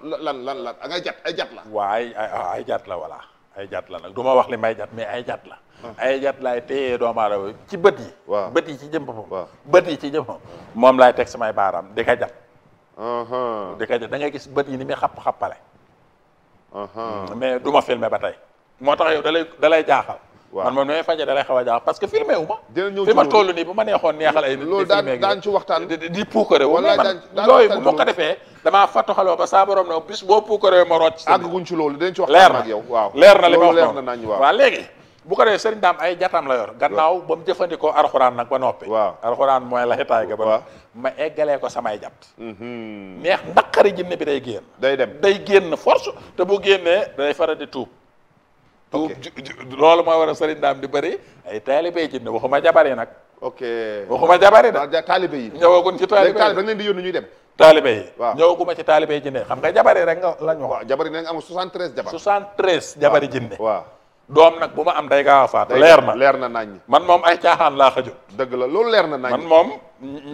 lan lan lan ngay jat ay jat la waaw ay jat la voilà ay jat la nag du ma wax li may jat mais ay jat la ay jat laay téye doomu aadama ci bët yi waaw bët yi ci jëm boppam bët yi ci jëm moom laay teg samay baaraam di ka jat di jat da ngay gis bët yi ni muy xapp-xappale Mm, mais du ma filmé ba tey moo tax yow dalay dalay jaaxal man moom may faje dalay xaw a jaaxal parce que filmé wu ma fi ma toll nii bu ma neexoon neexal ay nit loolu daan ci waxtaan di puukare wu man yooyu bu ma ko defee damaa fattu xaloo ba saa borom na bis boo puukare ma rocc àgguñ ci loolu dañ ci waxtaan ak yow waaw leer na li ma wax leer na léegi bu ko defee sëriñ daam ay jataam la yor gannaaw ba mu jëfandikoo arxuraan nag ba noppi waaw arxuraan mooy laytaay ga ba ma eggalee ko samay jat mhm. neex ndaqari jinne bi day génn day dem day génn force te bu génnee day faral di tuub tuub loolu mooy war a sëriñ daam di bari ay taalibey jinne waxuma jabar yi nag ok waxuma jabar yi de taalibe yi ñëwagun ci taalibe yi da leen di yónni ñuy dem taalibe yi waaw ñëwaguma ci taalibe yi jinne xam nga jabar rek nga lañ wax jabar yi ne nga am 73 jabar 73 jabar yi jinne waaw doom nag bu ma am day gaaw a leer na leer na nañ man moom ay caaxaan laa xajut dëgg la loolu leer na nañ man moom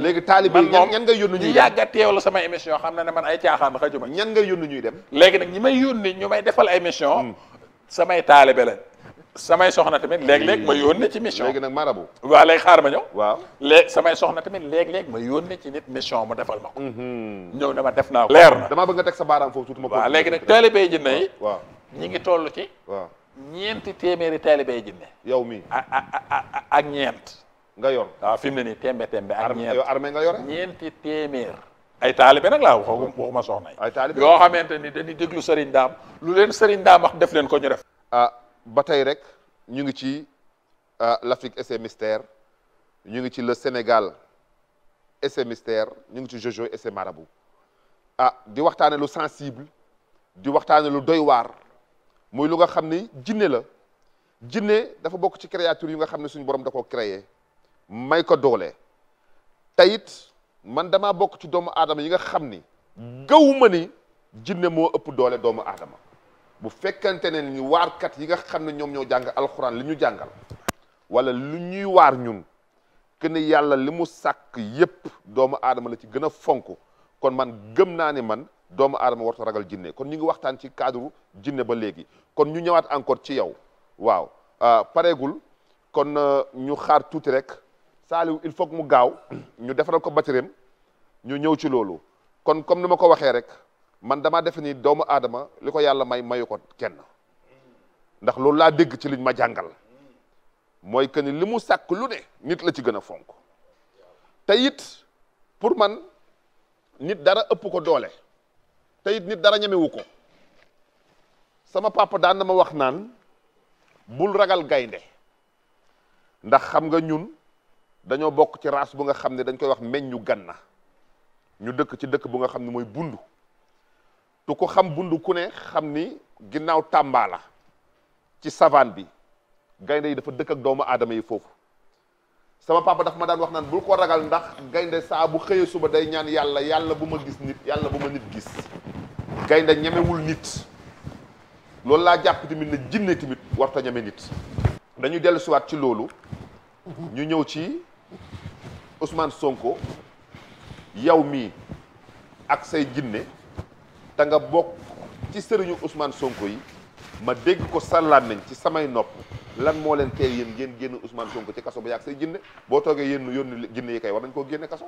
léegi taalibe yi ñan ñan ngay yónni ñuy dem yàgg a teew la sama émission xam na ne man ay caaxaan xajuma ñan ngay yónni ñuy dem léegi nag ñi may yónni ñu may defal ay mission hmm. samay taalibe la samay soxna tamit léeg-léeg ma yónnee ci mission léegi nag marabu waaw xaar ma ñëw waaw léegi samay soxna tamit léeg-léeg ma yónnee ci nit mission mu defal ma ko hmm. ñëw na ma def naa ko leer na damaa bëgg nga sa baaraam foofu tuuti ma ko waaw léegi nag taalibe yi jinne yi waaw ñi ngi tollu ci ñeenti téeméeri taalibey jinne yow mi ak ñeent nga yor waaw ah, fi mu ne nii tembe tembe ak ñeent armée nga yor ñeenti téeméer ay taalibe nag laa wax soxna yi ay taalibe yoo xamante ni dañuy déglu sëriñ daam lu leen sëriñ daam wax def leen ko ñu def ah ba tey rek ñu ngi ci ah, l'Afrique et ñu ngi ci la Sénégal et ses mystères ñu ngi ci Jojo et a ah, di waxtaane lu sensible di waxtaane lu doy waar muy lu nga xam ni jinne la jinne dafa bokk ci créature yu nga xam ne suñu borom da koo may ko doole tayit man damaa bokk ci doomu aadama yi nga xam ni gawuma ni jinne moo ëpp doole doomu aadama bu fekkante ne ñu waarkat yi nga xam ne ñoom ñoo jàng alxuraan li ñu jàngal walla lu ñuy waar ñun que yàlla li mu sàkk yépp doomu aadama la ci gën a fonk kon man gëm naa ni man doomu aadama warta ragal jinne kon ñu ngi waxtaan ci cadre jinne ba léegi kon ñu ñëwaat encore ci yow waaw ah, pareegul kon ah, ñu xaar tuuti rek Saliou il foog mu gaaw ñu defaral ko batterie ñu ñëw ci loolu kon comme ni ma ko waxee rek man damaa defe ni doomu aadama li ko yàlla may mayu ko kenn ndax loolu laa dégg ci liñ ma jàngal mooy que ni li mu sàkk lu ne nit la ci gën a fonk te it pour man nit dara ëpp ko doole te it nit dara ñemewu ko sama papa daan na ma wax naan bul ragal gaynde ndax xam nga ñun dañoo bokk ci race bu nga xam ne dañ koy wax meññu ganna ñu dëkk ci dëkk bu nga xam ne mooy bundu tu ko xam bundu ku ne xam ni ginnaaw Tamba ci savane bi gaynde yi dafa dëkk doomu aadama yi foofu sama papa dafa ma daan wax naan bul ko ragal ndax gaynde saa bu xëyee suba day ñaan yàlla yàlla bu ma gis nit yàlla bu ma nit gis gaynde ñemewul nit loolu laa jàpp tamit ne jinne tamit warta ñeme nit dañu dellu siwaat ci loolu ñu ñëw ci Ousmane Sonko yow mii ak say jinne te nga bokk ci sëriñu Ousmane Sonko yi ma dégg ko sàllaan nañ ci samay nopp lan moo leen tey yéen ngeen génn Ousmane Sonko ci kaso ba yàgg say jinne boo toogee yéen yónni jinne yi kay war nañ koo génne kaso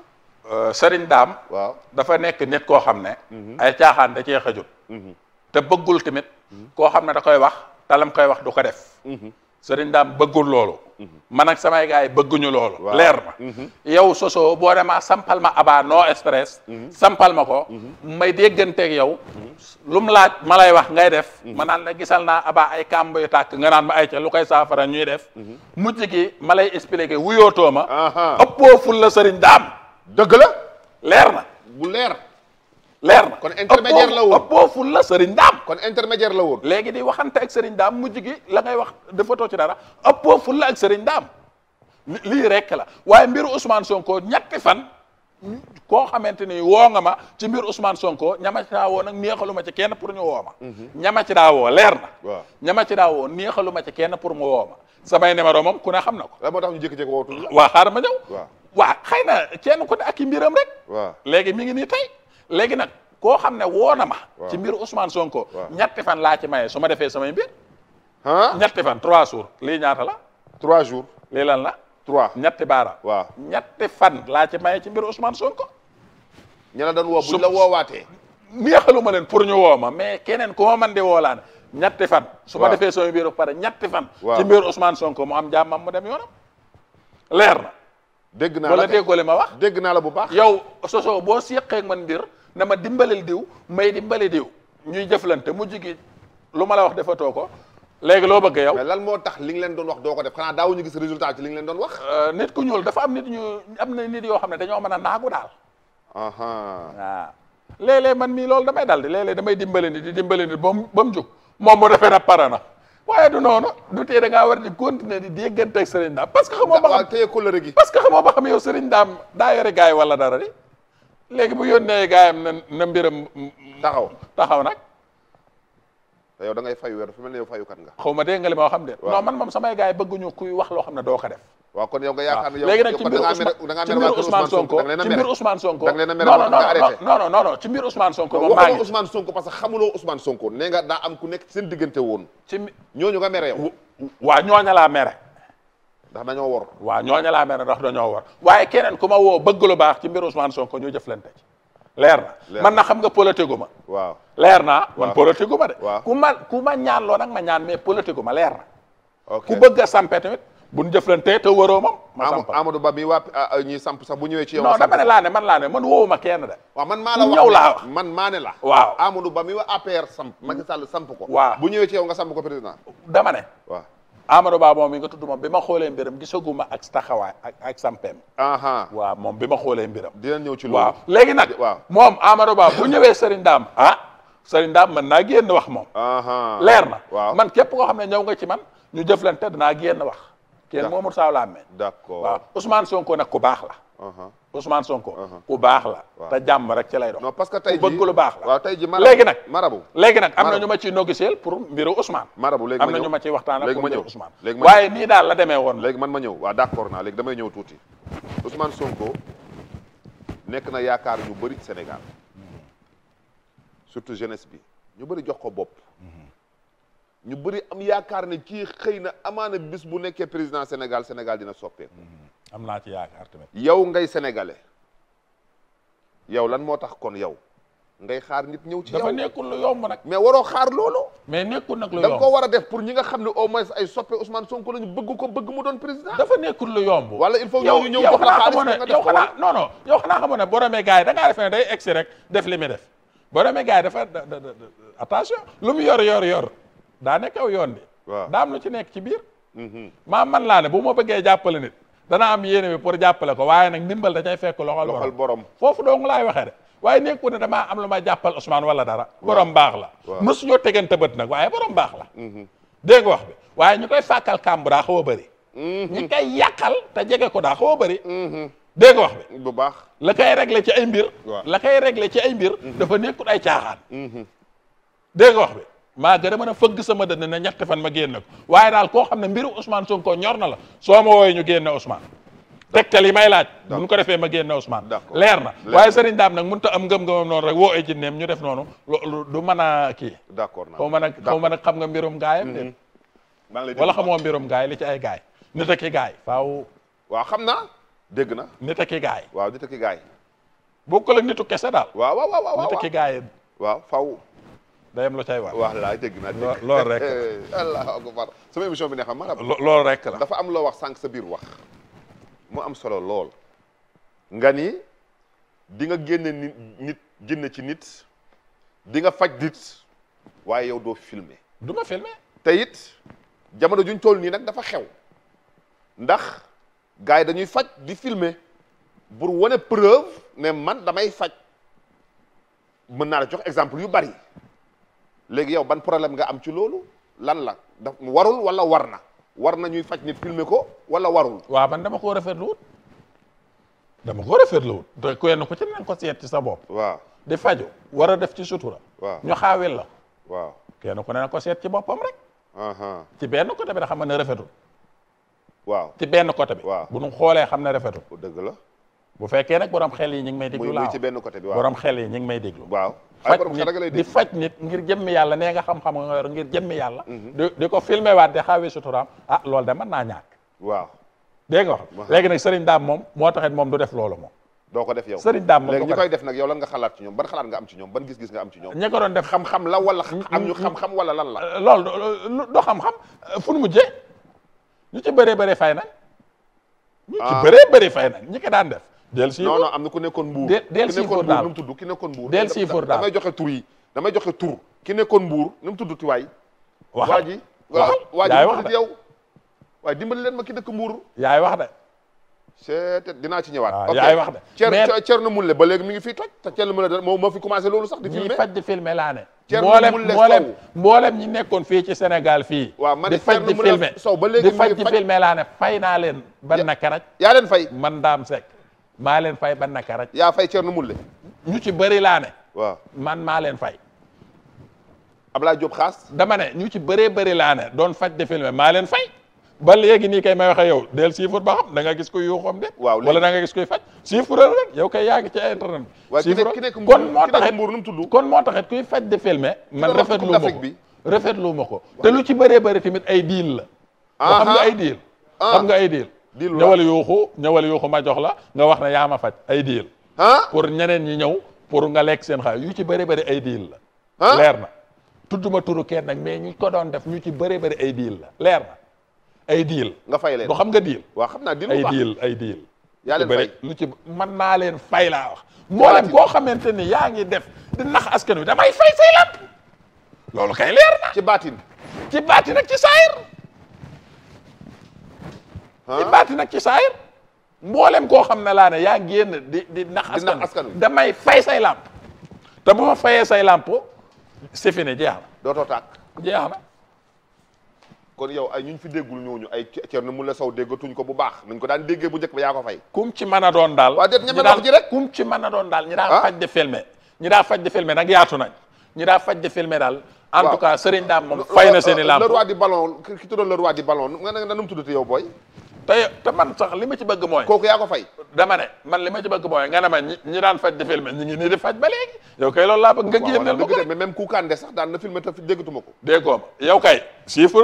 Euh, sëriñ daam waaw dafa nekk nit koo xam ne mhm. ay caaxaan da cee xëjut mhm. te bëggul tamit mhm. koo xam ne da koy wax talam koy wax du ko def sëriñ daam bëggul loolu man ak samay gars yi bëgguñu loolu leer ma yow sosoo boo demaa sampal ma abaa no express sampal ma ko may dégganteeg yow lu mu laaj ma lay wax ngay def ma naan la gisal naa abaa ay kàmb yu tàkk nga naan ma ay ca lu koy saafara ñuy def mujj gi ma lay expliqué wuyootoo ma ëppoo ful la sëriñ daam dëgg la leer na bu leer leer na kon intermédiaire la woon ëppoo ful la sëriñ daam kon intermédiaire la woon léegi di waxante ak sëriñ daam mu gi la ngay wax dafa too ci dara ëppoo ful la ak sëriñ daam lii rekk la waaye mbiru Ousmane Sonko ñetti fan koo xamante ni woo nga ma ci mbir Ousmane Sonko ñama ci daawoo nag neexalu ma ci kenn pour ñu woo ma. Mhm. ñama ci daawoo leer na. waaw ñama ci daawoo neexalu ci kenn pour mu woo ma. samay numéro moom ku ne xam na ko. lan moo tax ñu jékki-jékki la. waaw xaaral ma ñëw. waaw waaw xëy na kenn ku ak i mbiram rek. waaw léegi mi ngi nii tey léegi nag koo xam ne woo na ma. ci mbir Ousmane Sonko. ñetti fan laa ci maye su ma defee samay mbir. ñetti fan trois jours lii ñaata la. trois jours lii lan la. trois ñetti baara. waaw ñetti fan laa ci maye ci mbir Ousmane Sonko. ñu la doon woo buñ la woowaatee. neexalu ma leen pour ñu woo ma mais keneen ku ma man di woolaan ñetti fan. su ma defee soo biir pare ñetti fan. ci mbir Ousmane Sonko mu am jàmmam mu dem yoonam. leer na. dégg naa la wala ma wax. dégg naa la bu baax. yow soso boo seqee man mbir na ma dimbalil diw may dimbali diw ñuy jëflante mu jigi lu ma la wax defatoo ko. léegi loo bëgg yow mais lan moo tax li nga leen doon wax doo ko def xanaa daawuñu gis résultat ci li nga leen doon wax euh, nit ku ñuul dafa am nit ñu am na nit yoo xam ne dañoo mën a naagu daal waaw man mii loolu damay dal di léeg damay dimbale nit di dimbale nit ba ba mu jug moom mu defee na pare na waaye du noonu du tee da ngaa war di continuer di déggante ak Serigne Dame parce que xamoo ba xam téye kóllëre gi parce que xamoo ba yow Serigne Dame daa yore gaay wala dara di léegi bu yónnee gaayam na na mbiram taxaw taxaw nag te yow da ngay fayu weer dafa mel ne yow fayukat nga xaw ma dégg nga de non man moom samay gars yi bëgguñu kuy wax loo xam ne doo ko def waaw kon yow nga yaakaar ne yow léegi nag ci mbir Ousmane Sonko ci mbir Ousmane Sonko da nga a Sonko moom maa parce que xamuloo Ousmane Sonko nee nga daa am ku nekk seen diggante woon ci ñooñu nga mere yow waa ñooña laa mere ndax dañoo wor waa ñooña dañoo wor waaye keneen ku ma woo bëgg lu baax ci mbir Ousmane Sonko ñu jëflante ci leer na man na xam nga politique ma waaw leer naa man politique ma de ku ma ku ma ñaan loo nag ma ñaan mais politique ma leer na ku bëgg a sampe tamit bu ñu jëflantee te waroo moom ma samp Amadou Ba mi waa ah, ah, ñuy samp sax bu ñëwee ci yow non dama ne laa ne man laa ne man woowuma kenn de waaw man maa la wax ñëw laa man maa ne la waaw Ba mi waa APR samp Macky mm. Sall samp ko waaw bu ñëwee ci yow nga samp ko président dama ne waaw Amadou Ba moom mi nga tudd moom bi ma xoolee mbiram gisaguma ak taxawaay ak ak sampeem. waaw moom bi ma xoolee mbiram. dina ñëw ci loolu léegi nag. waaw moom Amadou Ba bu ñëwee Serigne Dame ah Serigne Dame mën naa génn wax moom. leer na. waaw man képp koo xam ne ñëw nga ci man ñu jëflante danaa génn wax. kenn moomul saaw laa amee. d'accord waaw Ousmane Sonko nag ku baax la. Uh-huh. Ousmane Sonko. Uh-huh. ku baax la. te jàmm rek ci lay dox. non parce que tey jii ku bëgg baax la. waaw tey jii léegi nag. marabu léegi nag am na ñu ma ciy nogiseel pour mbiru Ousmane. marabu léegi ma ñëw ma ciy waxtaan ak pour mbiru Ousmane. léegi ma ñëw waaye ni daal la demee woon. léegi man ma ñëw waa d'accord naa léegi damay ñëw tuuti Ousmane Sonko nekk na yaakaar ñu bëri Sénégal surtout jeunesse bi ñu bëri jox ko bopp. ñu bëri am yaakaar ne kii xëy na amaana bis bu nekkee président Sénégal Sénégal dina soppeeku am naa ci yaakaar tamit. yow ngay sénégalais yow lan moo tax kon yow. ngay xaar nit ñëw ci yow dafa nekkul lu yomb nag. mais waroo xaar loolu. mais nekkul nag lu yomb ko war a def pour ñi nga xam ne au moins ay soppe Ousmane Sonko ko bëgg mu doon président. dafa nekku lu yomb. wala il faut ñëw ñëw jox la xaalis nga def xanaa non non yow xanaa xamoon ne boo demee gars yi da ngaa day egg rek def li muy def boo demee gars dafa attention lu mu yor yor yor daa nekk yoon de. waaw daa lu ci nekk ci biir. Mhm. maa man laa ne bu ma bëggee jàppale nit. dana am yéene bi pour jàppale ko waaye nag ndimbal da cay fekk loxol loxol borom foofu dong laay waxee de waaye nekku ne damaa am lu ma jàppal Ousmane wala dara borom baax la mësuñoo tegante bët nag waaye borom baax la mhm. dégg wax bi waaye ñu koy fàkkal kàmb daa xaw a bëri mhm. ñu koy yàqal te jege ko daa xaw a bëri mhm. dégg nga wax bu baax la koy réglé ci ay mbir la koy réglé ci ay mbir dafa nekkul ay caaxaan dégg nga wax bi maa gën a mën a fëgg sama dënn ne ñetti fan ma génn ko waaye daal ko xam ne mbiru Ousmane ko ñor na la soo ma wooyee ñu génne Ousmane tegtal yi may laaj buñ ko defee ma génne Ousmane leer na waaye Serigne daam nag mënut a am ngëm-ngëmam noonu rek woo ay jinneem ñu def noonu loolu du mën a kii d'accord xaw ma nag xaw ma nag xam nga mbirum gaayam de mm-hmm. wala xamoo mbirum gaay li ci ay gaay nit ak gaay faaw waa xam naa dégg na nit ak i gaay waaw nit ak i gaay bokkul ak nitu kese daal waaw waaw waaw nit ak gaay waaw day am lu cay wax. laa dégg naa dégg loolu rek. bi ne xam ma loolu rek la dafa am loo wax sànq sa biir wax mu am solo lool nga ni di nga génne nit nit génne ci nit di nga faj nit waaye yow doo filme du ma filmer jamono juñ toll nii nag dafa xew ndax gars yi dañuy faj di filmer pour wane preuve ne man damay faj mën naa la jox exemple yu bari léegi yow ban problème nga am ci loolu lan la daf warul wala war na war na ñuy faj nit filmer ko wala warul. waa man dama koo rafetlu wut dama koo rafetlu wut. te kenn ku ci nan ko seet ci sa bopp. waaw di faju war a def ci sutura. waaw ñu xaawil la. waaw kenn ku ne ko seet ci boppam rek. ci benn côté bi da xam ne rafetul. waaw ci benn côté bi. waaw bu ñu xoolee xam ne rafetul. dëgg la. bu fekkee nag borom xel yi ñu ngi may déglu laa ci benn côté bi waaw borom xel yi ñu ngi may déglu waaw faj nit ngir jëmmi yàlla nee nga xam-xam nga yor ngir jëmmi yàlla mhm. di ko filmé waat di xawee suturaam ah loolu de man naa ñàkk waaw dégg nga wax léegi nag sëriñ daam moom moo taxit moom du def loolu moom doo ko def yow sëriñ daam léegi ñi koy def nag yow lan nga xalaat ci ñoom ban xalaat nga am ci ñoom ban gis-gis nga am ci ñoom ñi doon def xam-xam la wala am ñu xam-xam wala lan la loolu doo xam-xam fu nu mujjee ñu ci bëree bëri fay nañ ñu ci ah. bëree ñi ko daan def del si non non am na ku nekkoon mbuur del si tudd ki nekkoon mbuur del si for daal damay joxe tur yi damay joxe tur ki nekkoon mbuur nu mu ti waay waa ji waa ji wax yow waaye dimbali leen ma ki dëkk mbuur yaay wax de c'est dinaa ci ñëwaat ah, ok yaay wax de Thierno Thierno Moule ba léegi mi ngi fii toj te Thierno Moule moo moo fi commencé loolu sax di filmer ñi faj di ñi nekkoon fii ci senegal fii waaw man di faj di filmer sow ba léegi di fay naa leen ban na karaj yaa leen fay man Dame Seck maa leen fay ba naka rek. yaa fay Thierno Moule. ñu ci bari laa ne. waaw man maa leen fay. Abdoulaye Diop xaas. dama ne ñu ci bëree bari laa ne doon faj de filmé maa leen fay. ba léegi nii kay may waxe yow del siifur ba xam da gis ko yuuxoom de waaw wala da nga gis koy faj siifural rek yow kay yaa ngi ci internet bi kon moo taxit mbuur num tudd kon moo taxit kuy faj de filmé man rafetlu ma ko rafetlu ma ko te lu ci bëree bari tamit ay diil la ay diil xam nga ay diil diil ñëwal yuuxu ñëwal yuuxu ma jox la nga wax ne yaa ma faj ay diil ah pour ñeneen ñi ñëw pour nga lekk seen xaalis yu ci bëri bëri ay diil la ah leer na tudduma turu kenn nag mais ñu ko doon def ñu ci bëri bëri ay diil la leer na ay diil nga fay leen du xam nga diil waaw xam naa diil ay ay diil yaa leen lu ci mën naa leen fay laa wax mboolem koo xamante ni yaa ngi def di nax askan wi damay fay say lépp loolu kay leer ci baatin ci baatin ak ci saayir ci baati nag ci saayir mboolem koo xam ne laa ne yaa génn di di nax askan damay fay say làmp te bu ma fayee say làmp c'est fini jeex na dootoo tàkk jeex na kon yow ay ñu fi déggul ñooñu ay Thierno Moule Sow déggatuñ ko bu baax nañ ko daan déggee bu njëkk ba yaa ko fay kum ci mën daal waaw déet ñeme wax ji rek kum ci mën a doon daal ñi daa ah? faj de filmé ñi daa faj de filmé nag yaatu nañ ñi daa faj de filmé daal en tout cas moom fay na seen i làmp le roi du ballon ki tuddoon le roi du ballon nga ne na yow booy te man sax li ma ci bëgg mooy. kooku yaa ko fay. dama man li ma ci bëgg mooy nga ne ma ñi ñi daan faj di filmé ñu ngi nii di faj ba léegi. yow kay loolu laa bëgg nga génneel ma ko mais même Koukandé sax daan na filmé te déggatuma ko.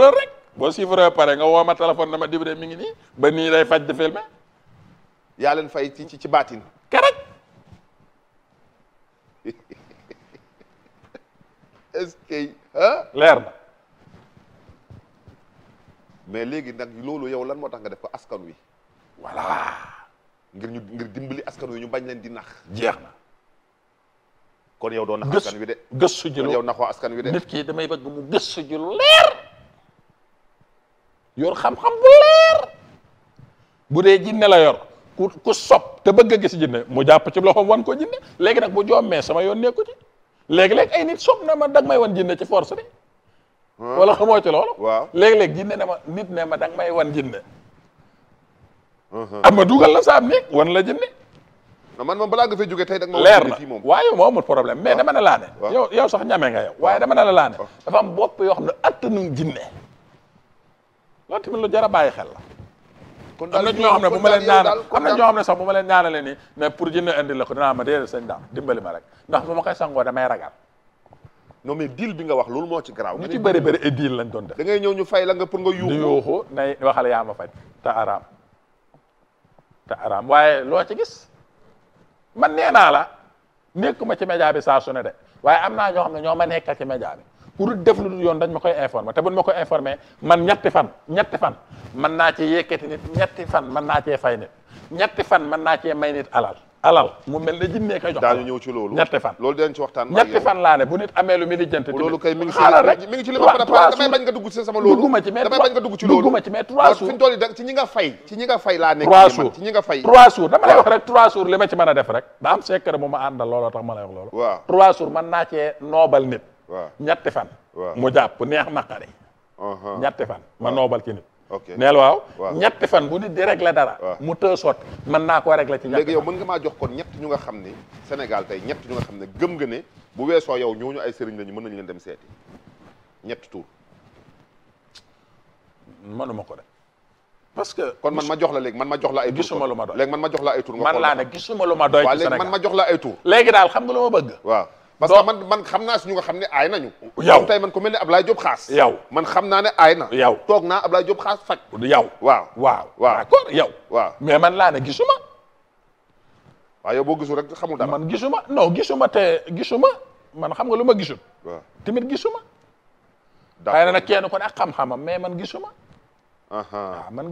rek boo chiffreur pare nga woo ma téléphone dama dibre mi ngi nii ba nii day faj di filmé. yaa fay ci ci ci baatin. kerek. leer na. mais léegi nag loolu yow lan moo tax nga def ko askan wi. voilà ngir ñu ngir dimbali askan wi ñu bañ leen di nax. jeex na. kon yow doo nax askan wi de gëstu ji lu yow naxoo askan wi de. nit ki damay bëgg mu gëstu ji lu leer yor xam-xam bu leer bu dee jinne la yor ku ku sob te bëgg a gis jinne mu jàpp ci loxoom wan ko jinne léegi nag bu jommee sama yoon nekku ci léegi-léeg ay nit sob na ma dag may wan jinne ci force bi. wala xamoo ci loolu. waaw léeg-léeg jinne ne ma nit ne ma danga may wan jinne. Uh-huh. am ma dugal la saam néeg wan la jinne. man moom balaa nga fay jógee tey dag ma leer na waaye moo amul problème mais dama ne laa ne yow yow sax ñame nga yow waaye dama ne la laa ne dafa am bopp yoo xam ne attanu jinne loolu tamit lu jar a bàyyi xel la am na ñoo xam ne bu ma leen ñaan am na ñoo xam ne sax bu ma leen ñaanalee ni ne pour jinne indi la ko dinaa ma déedéet sañ daam dimbali ma rek ndax bu ma koy sangoo damay ragal non mais deal bi nga wax loolu moo ci garaaw. ñu ci bëri bëri et deal lañ doon def. da ngay ñëw ñu fay la nga pour nga yuuxu. di yuuxu nay waxal yaa ma faj. te araam te araam waaye loo ci gis man nee naa la nekkuma ci média bi saa su de waaye am naa ñoo xam ne ñoo ma nekkal ci média pour def lu dul yoon dañ ma koy informer te buñ ma ko informer man ñetti fan ñetti fan mën naa ci yëkkati nit ñetti fan mën naa cee fay nit fan mën naa cee may nit alal alal mu mel ne jinne koy jox daañu ñëw ci loolu ñetti fan loolu dinañ ci waxtaan ñetti fan laa ne bu nit amee lu mi di jënt loolu kay mi ngi ci trois jours fi ñu wax rek trois jours li ma ci mën a def rek daa am secret mu ma àndal looloo tax ma lay wax loolu trois jours man naa cee noobal nit waaw fan mu jàpp neex naqari uh-huh. ñetti fan ma noobal ci nit neel waaw ñetti fan bu nit di régler dara mu tëë sotti mën naa ko régler ci ñett léegi yow mën nga maa jox kon ñett ñu nga xam ni Sénégal tey ñett ñu nga xam ne gëm nga ne bu weesoo yow ñu ay sëriñ lañu mën nañu leen dem seeti ñett tur manuma ko de parce que kon man ma jox la léegi man ma jox la ay tur gisuma lu ma doy léegi man ma jox la ay tur man ma doy la ay tur léegi daal xam nga lu ma bëgg waaw parce que man man xam naa si suñu nga xam ne aay nañu yow tey man ko mel ne Ablaye Diop xaas yow man xam naa ne aay na yow toog naa Ablaye job xaas faj yow waaw waaw waaw d'accord yow waaw mais man laa ne gisuma waaw yow boo xamul dara man gisuma non gisuma te gisuma man xam nga lu ma gisul waaw tamit gisuma xëy kenn ko ne ak xam mais man gisuma waaw ah, man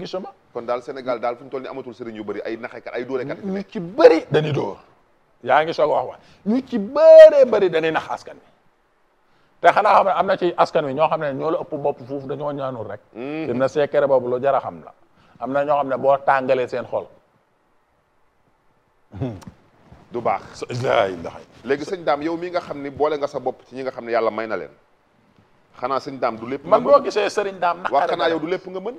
kon daal Sénégal daal fu ñu toll ni amatul sëriñ yu bari ay naxekat ay dóorekat nit ci bëri dañuy dóor yaa ngi soog a wax ñu ci bëree bëri dañuy nax askan wi te xanaa xam ne am na ci askan wi ñoo xam ne ñoo la ëpp bopp foofu dañoo ñaanul rek. dem mm. na seekere boobu loo jar a xam la. am na ñoo xam ne boo tàngalee seen xol. du baax. léegi sëñ daam yow mii nga xam ni boole nga sa bopp ci ñi nga xam ne yàlla may na leen. xanaa sëñ daam du lépp. man boo gisee sëriñ daam. naqare na waaw du lépp nga mën.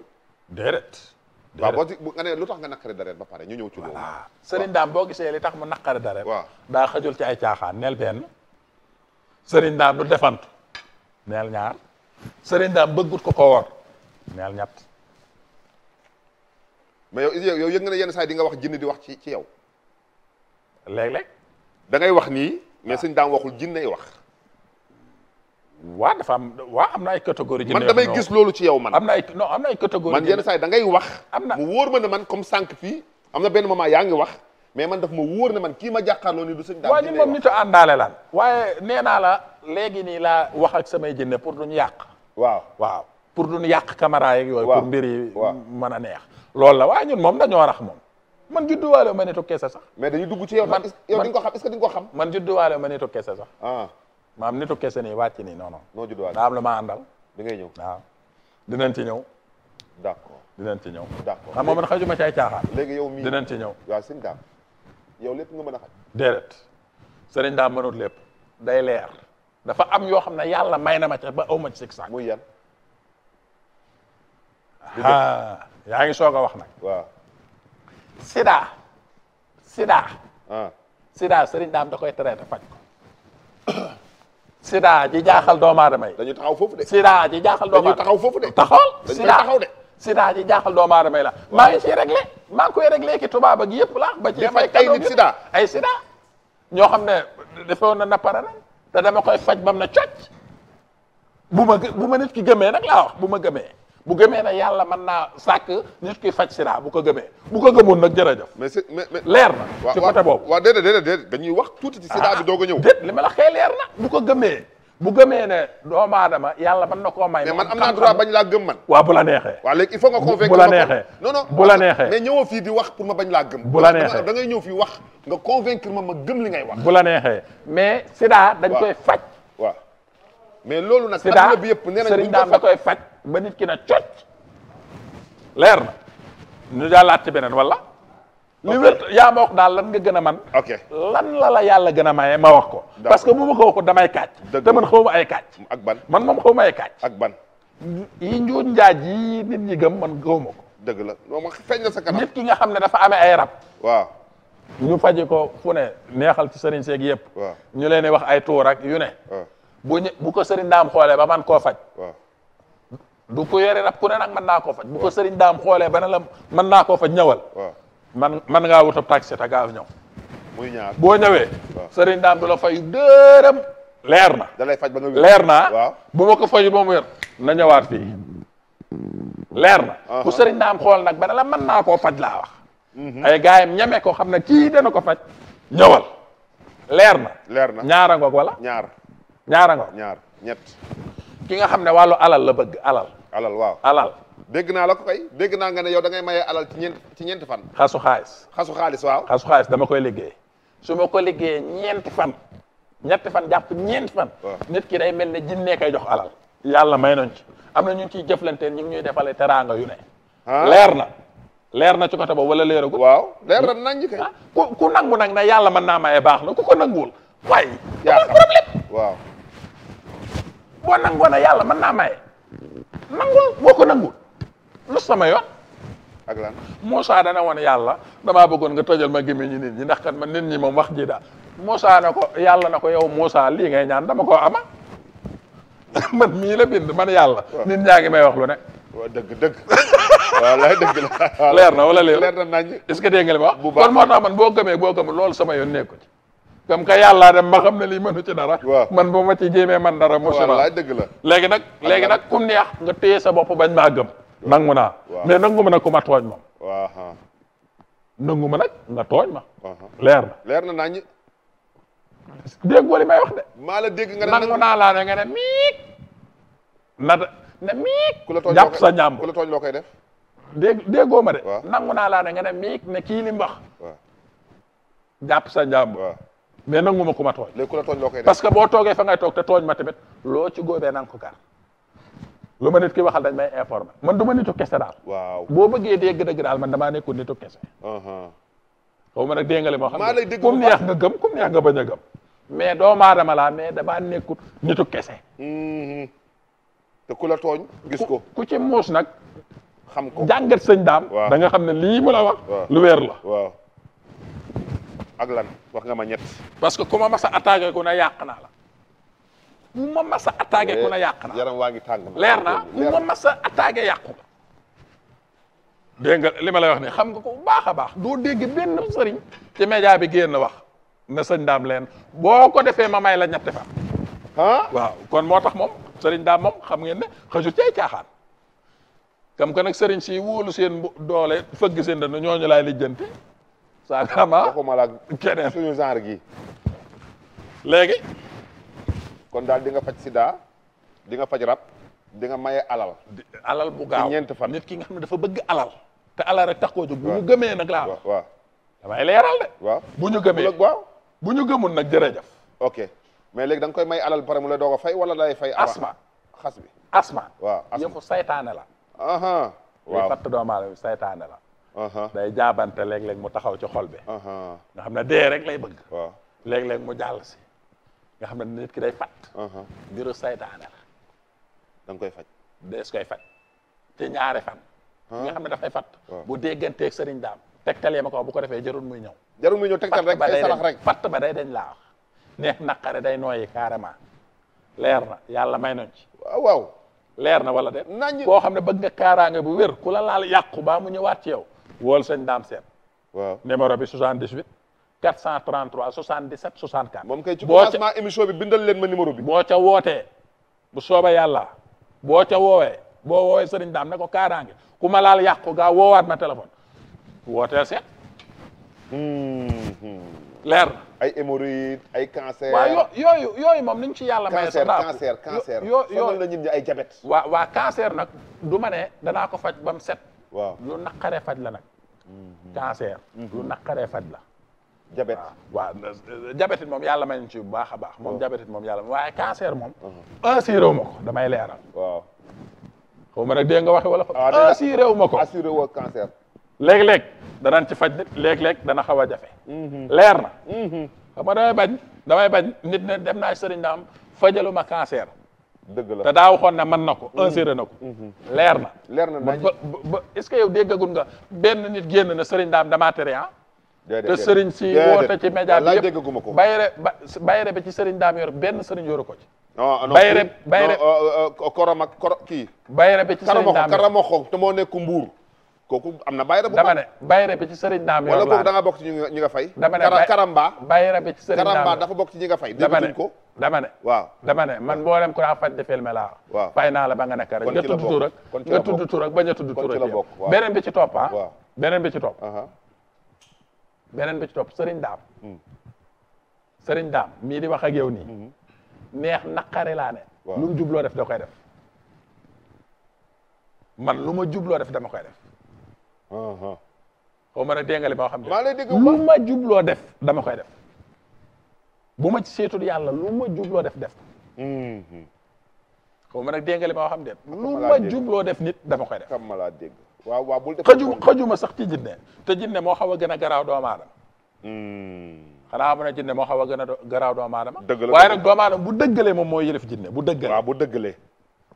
déedéet. waaw boo ci nga ne lu tax nga naqari dareet ba pare ñu ñëw ci loolu sëriñ daam boo gisee li tax mu naqari dareet waaw daa xajul ci ay caaxaan neel benn sëriñ daam du defantu neel ñaar sëriñ daam bëggut ko ko wor neel ñett mais yow yow yëg nga ne yenn saa di nga wax jinni di wax ci ci yow léeg-léeg da wax nii mais ah. sëñ daam waxul jinney wax waa dafa am waa am na ay catégorie man damay gis loolu ci yow man am na ay non am na ay catégorie man yenn saa yi da ngay wax am na mu wóor ma ne man comme sànq fii am na benn moment yaa ngi wax mais man daf ma wóor ne man kii ma jàkkaarloo ni du sëñ daal waa ñun moom nitu àndaale laan waaye nee naa la léegi nii laa wax ak samay jënne pour duñu yàq waaw waaw pour duñu yàq caméra yeeg yooyu pour mbir yi mën a neex loolu la waaye ñun moom dañoo rax moom man judduwaale ma nitu keese sax mais dañuy dugg ci yow yow di nga ko xam est-ce que di nga ko xam man judduwaale ma nitu keese sax ah. maam nitu kese nii wàcc nii non non. noo judd daa am la ma àndal. da ngay ñëw waaw dinañ ci ñëw. d' accord ci ñëw. d' accord xam nga man xajuma ci ay caaxaan. léegi yow mii dinañ ci ñëw. waaw sëñ daam yow lépp mën a sëriñ daam mënut lépp day leer dafa am yoo xam ne yàlla may na ma ca ba aw ma ci sik saak. muy ah, yaa ngi soog a wax nag. waaw. Sida. Sida. ah Sida sëriñ daam da koy traité faj ko. sida ji jaaxal doomu aadama yi. dañuy taxaw foofu de. sida ji jaaxal doomu aadama taxaw foofu de. taxawal sida taxaw de. sida ji jaaxal doomu aadama la. maa ngi ciy réglé maa ngi koy réglé ki tubaab ak yëpp la. ba ci fay ay nit sida ay sida. ñoo xam ne defoon na nappara na te dama koy faj bam na cocc bu ma bu ma nit ki gëmee nag laa wax bu ma gëmee. bu gëmee ne yàlla mën naa sàkk nit ki faj sida bu ko gëmee bu ko gëmoon nag jërëjëf. mais c'est mais leer na. ci côté boobu waaw déedéet déedéet déedéet dañuy wax tuuti ci sida bi ah, doog a ñëw. déet li ma la xëy leer na bu ko gëmee. bu gëmee ne doomu aadama yàlla mën na koo may. mais man am naa droit bañ laa gëm man. waaw bu la neexee. waaw léegi il faut nga convaincre neexee non la neexee mais ñëwoo fii di wax pour ma laa gëm. bu la neexee da ngay ñëw fii wax nga convaincre ma ma gëm li ngay wax. bu la neexee mais sida dañ koy faj. waaw mais loolu nag. sida sëriñ daam da koy faj ba nit ki na cocc leer na ñu daal laaj ci beneen wala. li wér yaa ma wax daal lan nga gën a man ok lan la la yàlla gën a maye ma wax ko. parce que bu ma ko wax ko damay kàcc. te man xaw ma ay kàcc. ak ban man moom xaw ma ay kàcc. ak ban. yi njuuj njaaj yi nit ñi man gëw ma ko. dëgg la moom feeñ na sa nit ki nga xam ne dafa ame ay rab. waaw. ñu faji ko fu ne neexal ci sëriñ seeg yëpp. ñu leen wax ay tuur ak yu ne. bu ñu bu ko sëriñ daam xoolee ba man koo faj. du ko yore rab ku ne nag mën naa ko faj bu ko sëriñ daam xoolee bana ne la mën naa koo faj ñawal man man ngaa wut ab taxi te gaaw ñëw muy ñaar boo ñëwee sëriñ daam du la fay dërëm leer na da lay faj ba nga leer naa waaw bu ko fajul moom wér na ñëwaat fii leer na bu sëriñ daam xool nag ba ne la mën naa koo faj laa wax mhm. ay gars yam ñeme ko xam ne kii dana ko faj ñawal leer na leer na ñaara ngoog wala ñaar ñaara ngoog ñaar ki nga xam ne wàllu alal la bëgg alal alal waaw alal dégg naa la ko koy dégg naa nga ne yow da ngay maye alal ci ñeent ci ñeenti fan xasu xaalis xasu xaalis waaw xasu xaalis dama koy liggéey su ma ko liggéeyee ñeenti fan ñetti fan jàpp ñeent fan nit ki day mel ne jinnee koy jox alal yàlla may nañ ci am na ñu ciy jëflanteen ñu ngi ñuy defale teraanga yu ne leer na leer na ci côté boobu wala leeragul waaw leer na nañ ñi ah, ku ku nangu nag na yàlla mën naa maye baax na ku ko nanguwul waaye amul problème waaw boo nangoo na yàlla mën naa maye nangul boo ko nangul lu sama yoon. ak lan Moussa dana woon yàlla damaa bëggoon nga tojal ma gémmiñ ñi nit ñi ndax kat man nit ñi moom wax ji daal Moussa na ko yàlla na ko yow Moussa lii ngay ñaan dama ko ama man mii la bind man yàlla. nit ñaa ngi may wax lu ne. waaw dëgg dëgg. waaw lay dëgg la. leer na wala leer na nañ. est-ce que dégg ma wax. bu kon moo tax man boo gëmee boo gëmul loolu sama yoon nekku ci. comme que yàllaa dem ma xam ne lii mënu ci dara man bu ma ci jéemee man dara mosula dëgg la léegi nag léegi nag ku neex nga téye sa bopp bañ maa gëm nangu naa mais nangu ma nag ku ma tooñ moom nangu ma nag nga tooñ ma leer na leer na nañ déggoo may wax de dégg nga ne nangu naa laa ne nga ne miik na ne miik ku la tooñ jàpp sa ñaam ku loo koy def dégg déggoo ma de nangu naa laa ne nga ne jàpp sa ñaam mais nangu ma ku ma tooñ. léegi ku parce que boo toogee fa ngay toog te tooñ ma tamit loo ci góobee na ko gar lu ma nit ki waxal dañ may informé man du ma nitu kese daal. waaw boo bëggee dégg dëgg daal man damaa nekkul nitu kese. Uh-huh. xaw ma nag déngale moo xam. maa lay dégg kum neex nga gëm kum a gëm. mais doomu aadama laa mais damaa nekkul nitu kese. Mm-hmm. te ku la tooñ. gis ko ku ci muus nag. xam ko jàngat sëñ daam. da nga xam ne lii mu la wax. lu weer la waaw. ak lan wax nga ma ñett. parce que ku ma masa attaqué ku ne yàq naa la. mu ma masa attaqué ku ne yàq naa yaram waa ngi tàng na leer na mu ma masa attaqué yàqu la. dégg nga li ma lay wax ne xam nga ko bu baax a baax. doo dégg benn sëriñ. ci média bi génn wax. ne sëñ daam leen boo ko defee ma may la ñetti fan. ah waaw kon moo tax moom sëriñ daam moom xam ngeen ne xëjut cay caaxaan. comme que nag sëriñ si wóolu seen doole fëgg seen dana ñooñu laay lijjanti. Sakama ah? waxuma la keneen suñu genre gi léegi. kon daal di nga faj sida di nga faj rab di nga maye alal. alal bu gaaw ñeent fa nit ki nga xam ne dafa bëgg alal. te alal rek tax koo jóg bu ñu gëmee nag laa. waaw waaw damay leeral de. waaw bu ñu gëmee waaw. bu ñu gëmul nag jërëjëf. ok mais léegi da nga koy may alal pare mu la doog a fay wala lay fay. asma xas bi asma. waaw asma yëfu saytaane la. waaw liy fàttali doomu aadama la. Uh-huh. day jaabante léeg-léeg mu taxaw ci xol bi uh-huh. nga xam ne dee rek lay bëgg waaw léeg-léeg mu jàll si nga xam ne nit ki day fat uh-huh. mbiru saytaane la da nga koy faj dees koy faj ci ñaari fan nga xam ne dafay fat bu dégganteeg sëriñ daam tegtal yi ma ko bu ko defee jarul muy ñëw jarul muy ñëw tegtal rek ay salax rek fatt ba day dañ laa neex naqare day nooyi carrément leer na yàlla may nañ ci waaw leer na wala de nañ koo xam ne bëgg nga kaaraange bu wér ku la laal yàqu baa mu ñëwaat ci yow wool sëñ Dame Seet. waaw numéro bi 78. 433 77 64. moom kay ci commencement émission bi bindal leen ma bi. boo ca wootee bu soobee yàlla boo ca woowe boo woowee sëriñ Dame ne ko kaaraange ku ma laal yàqu gaa woowaat ma téléphone wooteel seet. Hmm. leer na. ay hémorroïdes yo yooyu yooyu moom ni ci yàlla. maye sa naaf cancer ñu ay jabet. waaw waaw nag du ma ne danaa ko faj ba mu set. waaw nag naqaree faj la nag. Mm-hmm. cancer. Mm-hmm. lu naqaree faj la. jabet waaw jabet euh, it moom yàlla may ñu ci bu baax a baax. moom jabet oh. moom yàlla waaye cancer moom. assuré mm-hmm. wu ma damay leera waaw. ma nag dégg nga waxe wala. waaw assuré ah, wu ma ko assuré wu cancer. léeg-léeg danañ ci faj nit léeg-léeg dana xaw a jafe. leer na. xam nga bañ damay bañ nit ne dem naa sëriñ naam fajalu ma cancer. dëgg la te daa waxoon ne mën na ko mm-hmm. insérer na ko mm-hmm. leer na leer na ba est-ce que déggagul nga benn nit génn na sëriñ daam damaa tere ah te sëriñ si woote ci média bi yëpp bayre bayre bi ci sëriñ daam yor benn sëriñ yoru ko ci non ah, ah, non bayre bayre euh, euh, korom ak koro kii bayre bi ci sëriñ daam karamoxo te moo nekk mbuur bayre bu dama ne bayre bi ci sëriñ daam yor wala boobu da nga bokk ci ñi nga fay dama ne karamba bayre bi ci sëriñ daam karamba bokk ci nga fay dégguñ ko damane waaw dama man mboolem ku laa faj di filmé laa. waaw fay naa la ba nga nekk rek. nga tudd tur ak nga tudd tur ak bañ a tudd tur ak yow. beneen bi ci topp ah. waaw beneen bi ci topp. beneen bi ci topp Serigne Dame. Hmm. Serigne Dame mii di wax ak yow nii. Hmm. neex naqari laa ne. jubloo def da koy def. man lu ma jubloo def dama koy def. xaw ma ne dégg nga li ma wax. dégg jubloo def dama koy def. bu ma seetul yàlla lu ma jubloo def def mm-hmm. xaw ma nag dégg nga li ma wax am déet lu def nit dama ko def xam ma laa dégg waaw waaw bul def xaju xajuma sax ci jinne te jinne moo xaw a gën a garaaw doomu aadama mm-hmm. xanaa am na jinne moo xaw a gën a garaaw aadama dëgg la waaye nag doomu aadama bu dëggalee moom mooy yëlëf jinne bu dëggalee waaw bu dëggalee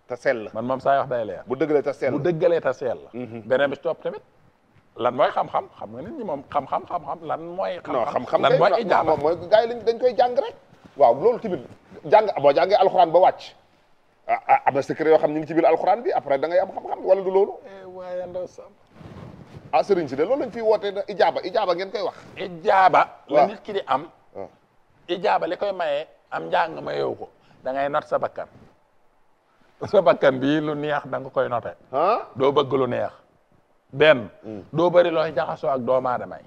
te sell man moom saa wax day leer bu dëggalee ta sell bu dëggalee te sell mm-hmm. beneen bi ci topp tamit lan mooy xam-xam xam nga nit ñi moom xam-xam xam-xam lan mooy. xam-xam lan mooy ijaaba moom mooy gars yi dañ koy jàng rek. waaw loolu tamit jàng boo jàngee alxuraan ba wàcc. ah, ah am na secret yoo xam ñu ngi ci biir alxuraan bi après dangay ngay am xam-xam wala du loolu. Eh, waaye ndaw Samb. ah sëriñ si de loolu lañ fiy wootee na ijaaba ijaaba ngeen koy wax. ijaaba. la nit di am. Ah. ijaaba li koy am njàng ma ko da ngay sa bakkan. sa bakkan bii lu neex da nga koy note. doo bëgg lu neex. benn mm. doo bëri looy jaxasoo ak doomu aadama yi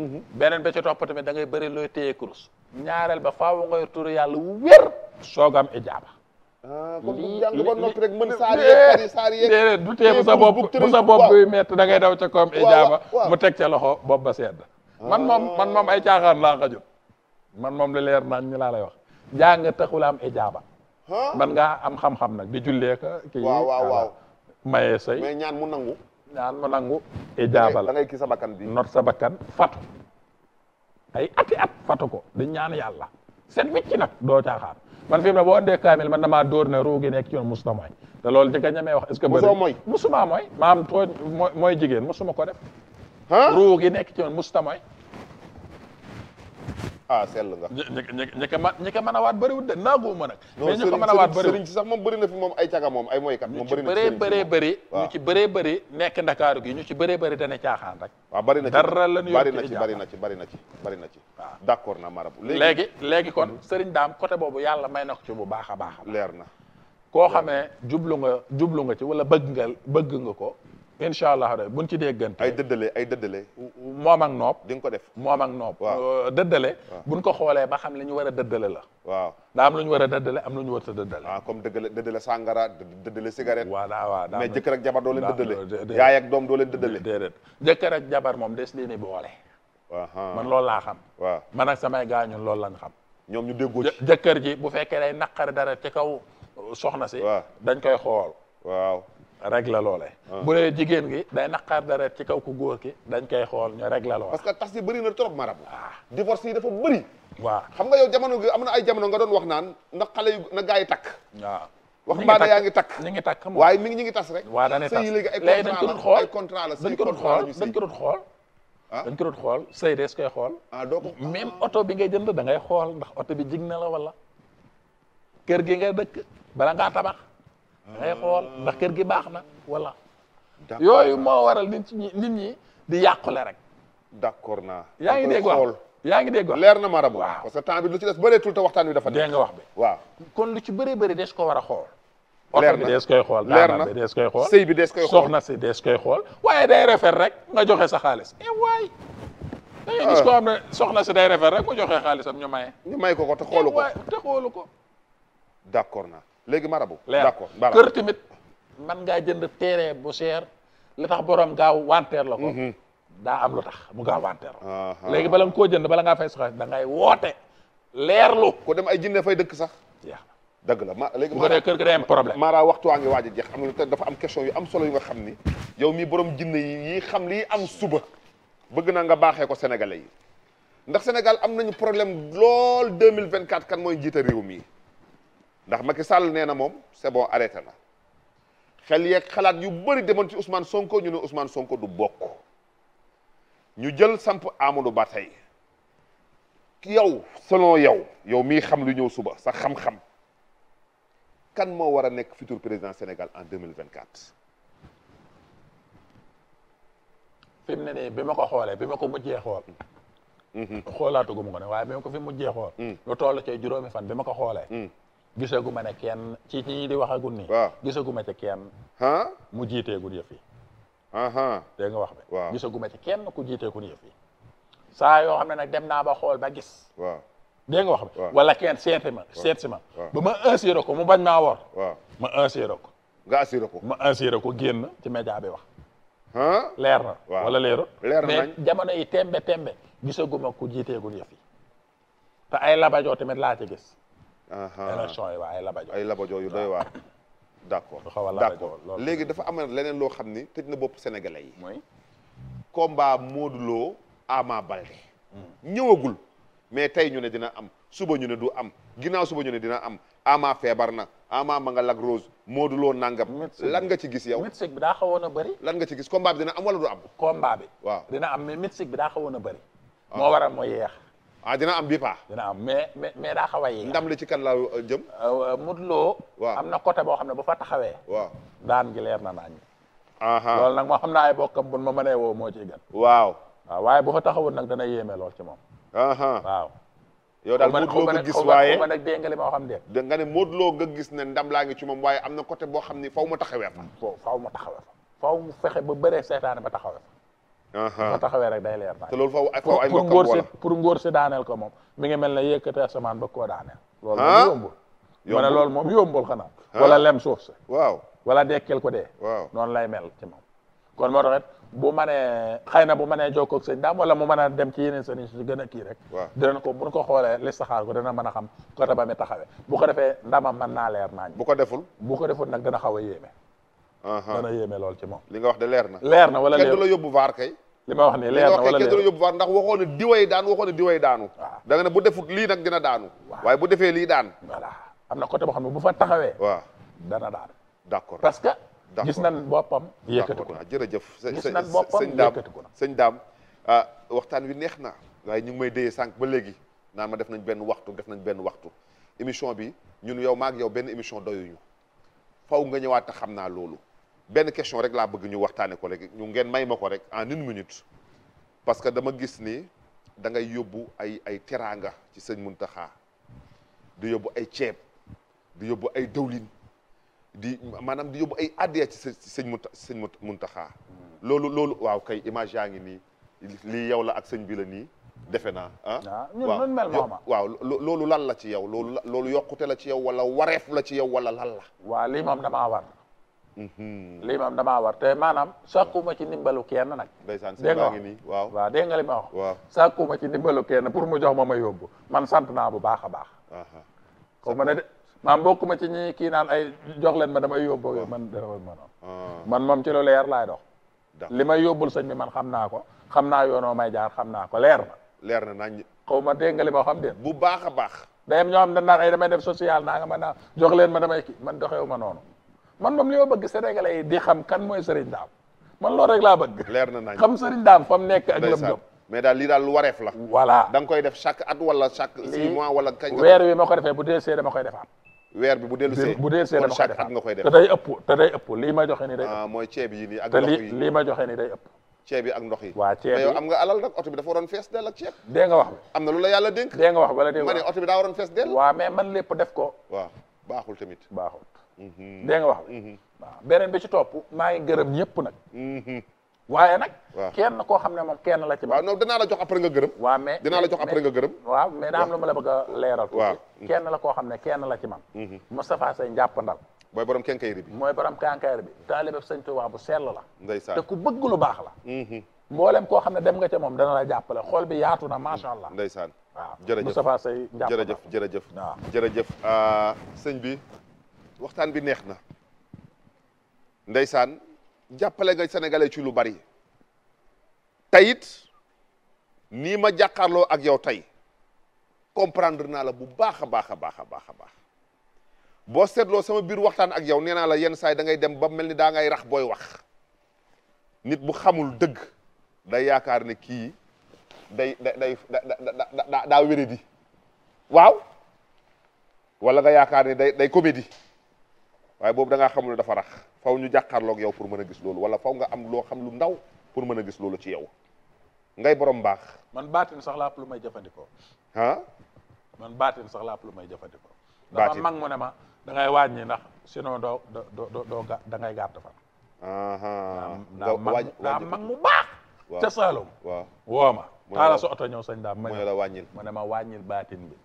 mm-hmm. beneen ba ci topp tamit da ngay bëri looy téye kurus ñaareel ba faaw ngay turu yàlla wér soog am ijaaba ah, lii jàng ba noppi du tee bu sa bopp bu sa bopp buy métti da ngay daw ca koom ijaaba mu teg ca loxo bopp ba sedd man moom ah. man moom ay caaxaan laa man moom li leer naan ñu laa lay wax jàng taxul am ijaaba man nga am xam-xam nag di jullee ka kii mayee say ñaan mu nangu ñaan mu nangu ijaaba la ngay kii sa bakkan bi not sa bakkan fatu ay ati at fato ko di ñaan yàlla set wicc nag doo caaxaan man fi mu ne boo andee kaamil man damaa dóor ruugi nekk ci yoon musta mooy te loolu ci ka ñamee wax est ce que musoo mooy musumaa mooy maam tooñ mooy jigéen musuma ko def ruugi nekk ci yoon musta mooy ah sell nga ñi ko a waat bëriwul de naagoo ma nag mais ñi a waat bëriwul sëriñ si sax moom bëri na fi moom ay caga moom ay mooykat moom bëri na bëree bëree bëri ñu nekk ndakaaru gi ñu ci bëree bëri dana caaxaan rek waaw bëri na ci dara la ñu bëri na ci bëri na ci bari na ci bëri na ci waaw léegi léegi kon mm-hmm. sëriñ daam côté boobu yàlla may na ko ci bu baax a baax leer na koo xamee jublu nga jublu nga ci wala bëgg nga bëgg nga ko incha allah buñ ci déggante. ay dëddale ay dëddale. moom ak noob. di nga ko def moom ak noob. waaw euh, dëddale. buñ ko xoolee ba xam li ñu war a dëddale la. waaw daa am lu ñu war a dëddale am lu ñu war a dëddale. ah comme dëggale dëddale sàngara dëddale cigarette. waaw waaw mais jëkkër ak jabar doo leen dëddale. yaay ak doom doo leen dëddale. déedéet jëkkër ak jabar moom des leen boole. man loolu laa xam. waaw man ak samay gars ñun loolu lañ xam. ñoom ñu déggoo ci jëkkër ji bu fekkee day naqar dara ci kaw soxna si dañ koy xool rek la loolee. Ah. bu dee jigéen gi day da deret ci kaw ku góor ki dañ koy xool ñu rek la loolee. parce que tas yi bëri na trop ma waaw ah. divorce yi dafa bëri. waaw xam nga yow jamono gi am na ay jamono nga doon wax naan na xale yu na gaa yi takk. waaw wax mbaada yaa ngi takk ñu ngi takk waaye mi ngi ñu ngi tas rek. waaw dañuy tas léegi dañ ko xool ay contrat la dañ ko doon xool dañ ko doon xool. ah dañ ko xool sëy des koy xool. ah doo ko oto bi ngay jënd da ngay xool ndax oto bi jig na la wala kër gi ngay dëkk bala ngaa tabax day xool ndax kër gi baax na wala yooyu moo waral nit ñi nit ñi di yàqule rek d'accord naa yaa ngi dégg wax yaa ngi dégg leer na marabu waaw parce que temps bi lu ci des bëreetul te waxtaan wi dafa dégg nga wax bi waaw kon lu ci bëree bëri des ko war a xool leer na bi dees koy xool leer na bi dees koy xool sëy bi dees koy xool soxna si dees koy xool waaye day refer rek nga joxe sa xaalis e waay da ngay gis ah. koo xam ne soxna si day refer rek mu joxe xaalisam ñu maye ñu may ko ko te xoolu ko eh, te xoolu ko d'accord naa léegi marabu d'accord kër tamit man ngaa jënd terrain bu cher li tax borom gaaw wanteer la ko mhm. daa am lu tax mu gaaw wanteer la léegi bala nga koo jënd bala ngaa fay soxla da ngay woote leerlu ko dem ay jinne fay dëkk sax jeex dëgg la ma léegi bu ko dee kër gi day am problème Mara waxtu waa ngi waaj a jeex am na dafa am question yu am solo yu nga xam ni yow mi borom jinne yi yi xam lii am suba bëgg na nga baaxee ko sénégalais yi ndax sénégal am nañu problème lool 2024 kan mooy njiite réew mi ndax Macky Sall nee na moom c'est bon arrêté na xel yeeg xalaat yu bari demoon ci Ousmane Sonko ñu ne Ousmane Sonko du bokk ñu jël samp Amadou Ba tey yow selon yow yow mii xam lu ñëw suba sa xam-xam kan moo war a nekk futur président Sénégal en 2024 fi mu ne nii bi ma ko xoolee bi ma ko mujjee xool mm-hmm. xoolaatuguma ko ne waaye bi ma ko fi mujjee xool mm. lu toll ci juróomi fan bi ma ko xoolee mm. gisagu ma ne kenn ci ci di waxagul nii. waaw gisagu ci kenn. ah mu jiiteegul yëf yi. dégg nga wax bi. waaw gisagu ci kenn ku jiiteegul yëf yi. saa yoo xam ne nag dem naa ba xool ba gis. waaw dégg nga wax bi. wala kenn seeti ma seet si ma. ba ma assuré ko mu bañ maa wor. ma assuré ko. nga assuré ko ma assuré ko génn ci média bi wax. leer na. wala leerul. leer nañ mais jamono yi tembe tembe guma ku jiiteegul yëf fi te ay labajo tamit laa ci gis. élection yi waa ay labajo ay labajo yu doy waar d' accord d' accord léegi dafa ama leneen loo xam ni tëj na bopp sénégalais yi mooy combat Modou loo Ama Baldé hmm. ñëwagul mais tey ñu ne dina am suba ñu ne du am ginnaaw suba ñu ne dina am Ama feebar na Ama ma nga lag rose Modou Lo nangam lan nga ci gis yow mystique bi daa xawoon a bëri lan nga ci gis combat bi dina am wala du am combat bi waaw dina am mais mystique bi daa xawoon a bari ah. moo waral moo yeex ah dina am bi paa. dina am mais mais mais daa xaw a yéex. ndam li ci kan la jëm. Euh, euh, Modou Lo. am na côté boo xam ne boo fa taxawee. waaw daan gi leer na nañu. loolu nag moo xam naa ay bokkam bu ma mën mënee woo moo ciy gën. waaw waaye boo fa taxawul nag dana yéeme lool ci moom. waaw. yow daal Modou Lo nga gis ma nag dégg nga li ma xam de. da nga ne Modou Lo gis ne ndam laa ngi ci moom waaye am na côté boo xam ni faw ma taxawee fa. faw ma taxawee fa faw mu fexe ba bëree seetaane ba taxawee fa. nga taxawee rek day leer nañ. te loolu faaw ay faaw ay mbokkam wala pour pour ngóor si daaneel ko moom mi ngi mel ne yëkkati asamaan ba koo daaneel. loolu moom yombul. yombul ma moom yombul xanaa. wala lem suuf si. waaw wala dekkel ko dee. waaw noonu lay mel ci moom. kon moo tax it bu mënee xëy na bu mënee jokkoo ak sëñ daam wala mu mën a dem ci yeneen sëriñ si gën a kii rek. waaw dinañ ko buñ ko xoolee li saxaar ko dana mën a xam côté ba mi taxawee bu ko defee ndamam mën naa leer naa ñu. ko deful bu ko deful nag dana xaw a yéeme. dana yéeme ci moom. li nga wax de leer na. leer na wala leer kenn li ma wax ne leer na wala leer na yóbbu faar ndax waxoon ne diway daan waxoon ne diway daanu da nga ne bu defut lii nag dina daanu waaye bu defee lii daan voilà am na côté boo xam ne bu fa taxawee waaw dana daan d'accord parce que gis nan boppam yëkkati ko na ah, jërëjëf gis nan boppam yëkkati ko na sëñ daam ah waxtaan wi neex na waaye ñu ngi may déyee sànq ba léegi naan ma def nañ benn waxtu def nañ benn waxtu émission bi ñun yow maak yow benn émission doyuñu faw nga ñëwaat xam naa loolu benn question rek laa bëgg ñu waxtaane ko rek ñu ngeen may ma ko rek en une minute parce que dama gis ni da ngay yóbbu ay ay teraanga ci sëñ Muntaxa di yóbbu ay ceeb di yóbbu ay dawlin di maanaam di yóbbu ay addiya ci sëñ Munta sëñ Muntaxa loolu loolu waaw kay image yaa ngi nii lii yow la ak sëñ bi la nii defe naa ah, ah ñun mel maama waaw loolu lan la ci yow loolu loolu yokkute la ci yow wala wareef la ci yow wala lan la waaw lii moom damaa war Mhm. lii moom damaa war te maanaam sàkkuma ci ndimbalu kenn nag dégg nga waaw waaw dégg nga ma wax waaw sàkkuma ci ndimbalu kenn pour mu jox ma ma yóbbu man sant naa bu baax a baax xaw ma ne de maam mbokkuma ci ñi kii naan ay jox leen ma damay yóbbu man dama mënoon ah. man moom ci lu leer laay dox li may yóbbul sëñ bi man xam naa ko xam naa yoonoo may jaar xam naa ko leer leer na nañ xaw ma dégg nga li ma xam bu baax a baax dayem ñoo xam ne naan ay damay def social naa ma naa jox leen ma damay kii man doxewu ma noonu man moom li ma bëgg sénégalais yi di xam kan mooy Serigne Dame man loolu rek laa bëgg. leer na nañ xam Serigne Dame fa mu nekk a lam jom mais daal lii daal wareef la. voilà da koy def chaque at wala chaque. six mois weer bi ko defee bu dee see dama koy defaat. weer bi bu dellu bu dee see dama koy nga koy def te day ëpp ma joxe ni ah, mooy ceeb yi nii ak ndox lii ma joxe ni day ëpp. ceeb yi ak ndox yi. waa ceeb yi yow am nga alal nag oto bi dafa waroon fees dell a ceeb. dee nga wax bi am na lu la yàlla dénk. dee nga wax wala dee nga wax ma ne oto bi daa waroon fees dell. waaw mais man lépp def ko. waaw baaxul tamit baaxul Mm-hmm. dégg nga wax bi mm-hmm. waaw beneen bi ci topp maa ngi gërëm ñëpp nag mm-hmm. waaye nag kenn koo xam ne moom kenn la ci waaw non la jox après nga gërëm waa mais dinaa la jox après nga gërëm waaw mais daa am lu ma la bëgg a leeral la koo xam ne kenn la ci man Moustapha Seye njàppandal mooy borom kenkayri bi mooy borom kenkayri bi taalibe sëñ waa bu sell la ndeysaan te ku bëgg lu baax la mboolem koo xam ne dem nga ca moom dana la jàppale xool bi yaatu na macha allah ndeysaan waaw jërëjëf Moustapha Seye njàppandal jërëjëf jërëjëf waaw jërëjëf ah, sëñ bi waxtaan bi neex na ndeysaan jàppale nga sénégalais ci lu bari tayit nii ma jàkkaarloo ak yow tey comprendre naa la bu baax a baax a baax a baax a baax boo seetloo sama biir waxtaan ak yow nee la yenn saay da ngay dem ba mel ni daa ngay rax booy wax nit bu xamul dëgg day yaakaar ne kii day day day daa waaw wala nga yaakaar ne day day comédie waaye boobu da ngaa xamul dafa rax faw ñu jàkkaarloog yow pour mën a gis loolu wala faw nga am loo xam lu ndaw pour mën a gis loolu ci yow ngay borom baax. man baatin sax laa lu may jëfandikoo. ah. man baatin sax laa lu may jëfandikoo. baatin dafa mag mu ne ma da ngay wàññi ndax sinon doo doo doo doo da ngay gàtt fan. nga woo ma. taala sa oto ñëw sañ daam ma la wàññil mu ne ma wàññil baatin bi.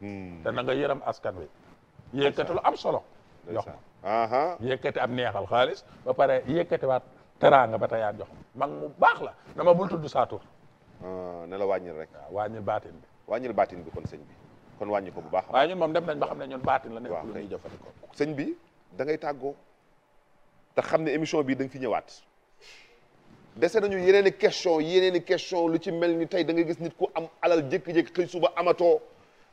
Hmm. te na nga askan wi. yëkkati lu am solo. jox ma yëkkati ab neexal xaalis ba pare yëkkati waat teraanga ba te tayaat jox man mu baax la dama bul tudd saatur ah, ne la wàññil rek waaw wàññil baatin bi wàññil baatin bi kon sëñ bi kon wàññi ko bu baax waaye ñun moom dem nañ ba xam ne ñun baatin la nekk lu ñuy jëfandikoo sëñ bi da ngay tàggoo te xam ne émission bii da fi ñëwaat dese nañu yeneen i question i question lu ci mel ni tey da nga gis nit ku am alal jékki-jékki xëy suba amatoo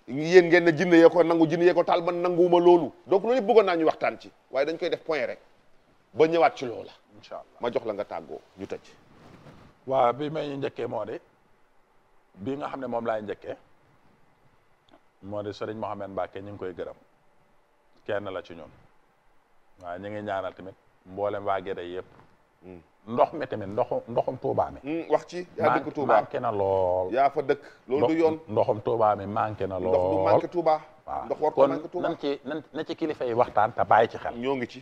yéen ngeen ne jinne yee ko nangu jinne yee taal man nanguwuma loolu donc loolu yëpp bëggoon naa ñu waxtaan ci waaye dañ koy def point rek ba ñëwaat ci loola incha allah ma jox la nga tàggoo ñu tëj waaw bi may njëkkee moo de bi nga xam ne moom laay njëkkee moo di Serigne Mohamed Mbacke ñu ngi koy gërëm kenn la ci ñun waa ñu ngi ñaanal tamit mboolem waa Gédé yëpp ndox mi tamit ndoxu ndoxum Touba mi. Hmm, wax ci yaa dëkk Touba manqué na lool. yaa fa dëkk loolu du yoon ndoxum Touba mi manqué na lool. ndox du manqué Touba. waaw ndox war ko manqué Touba kon nan ci nan na ci kilifa yi waxtaan te bàyyi ci xel. ñoo ngi ci.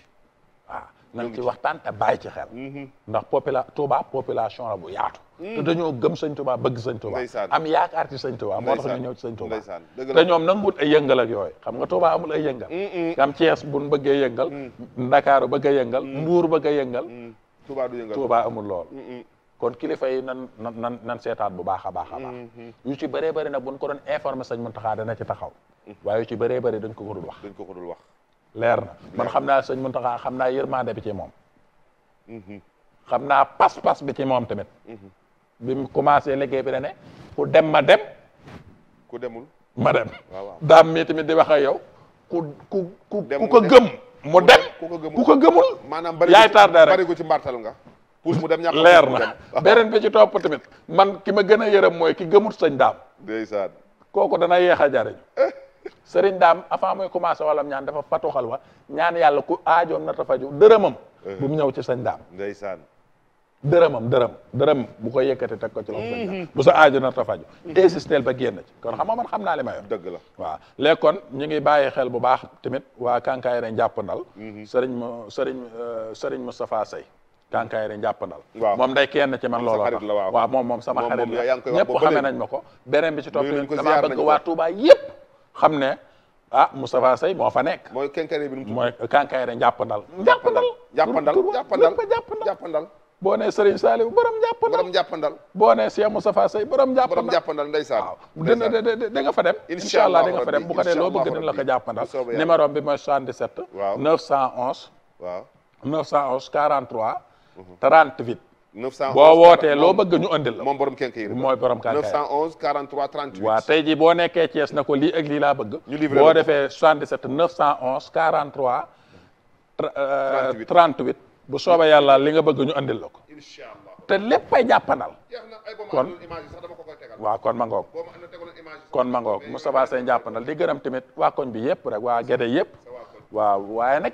waaw nan ci waxtaan te bàyyi ci xel. Hmm, hmm. ndax popula Touba population la bu yaatu. te dañoo gëm sëñ Touba bëgg sëñ Touba. am yaakaar ci sëñ Touba moo tax ñu ñëw ci sëñ Touba. te ñoom nanguwut ay yëngal ak yooyu xam nga Touba amul ay yëngal. nga am Thiès bu nu bëggee yëngal. Ndakaaru bëgg a yëngal. Mbuur bëgg a yëngal Touba du yëngal amul lool. kon kilifa yi nan nan nan seetaat bu baax a baax a baax. Mm-hmm. yu ci bëree bëri na bu ñu ko doon informé sëñ Mountakha dana ci taxaw. Mm-hmm. waaye yu ci bëree bëri dañ ko ko dul wax. dañ ko dul wax. leer na man xam naa sañ sëñ Mountakha xam naa yërmande bi ci moom. Mm-hmm. xam naa pas-pas bi ci moom tamit. bi mu commencé liggéey bi da ne ku dem ma dem. ku demul ma dem. waaw daam mi tamit di wax ak ku ku ku ku gëm. moo dem ku ko gëmul maanaam bari yaay taar rek bari ko ci mbartal nga puus mu dem ñàkk leer na beneen bi ci topp tamit man ki ma gën a yërëm mooy ki gëmut sëñ daam ndeysaan kooku dana yeex a jariñ sëriñ daam avant muy commencé walam ñaan defa fatuxal wa ñaan yàlla ku aajoom na tafaju dërëmam eh. bu mu ñëw ci sëñ daam ndeysaan dërëmam dërëm dërëm bu ko yëkkate teg ko ci loxo mhm. bu sa aajo na tafaju insistel mhm. ba génn ci kon xam nga man xam naa li ma yor dëgg la waaw léegi kon ñu ngi bàyyi xel bu baax tamit waa kankaay re njàppandal mhm. sëriñ mo sëriñ euh, sëriñ Moustapha Sey kankaay re njàppandal waaw moom day kenn ci man looloo tax waaw moom moom sama xarit la ñëpp xamee nañ ma ko beneen bi ci topp dama bëgg waa Touba yëpp xam ne ah Moustapha Sey moo fa nekk mooy kankaay re bi mooy kankaay re njàppandal njàppandal njàppandal njàppandal boo nee Serigne Saliou borom jàppandal borom jàppandal boo nee Cheikh Moustapha Sey borom jàppandal borom jàppandal ndeysaan waaw da nga fa dem incha allah da nga fa dem bu ko nee loo bëgg dina la ko jàppandal numéro bi mooy 77 waaw mhm. boo wootee loo bëgg ñu andil la moom borom kenk yi mooy borom kenk 911 43 38 waaw tey jii boo nekkee na ko lii ak lii laa bëgg ñu livré boo defee 77 911 43 38 38 bu soobee yàlla li nga bëgg ñu andil la ko te léppay jàppandal kon waaw kon ma ngoog kon ma ngoog Moustapha Seye jàppandal di gërëm tamit waa koñ bi yëpp rek waa Gede yépp waaw waaye nag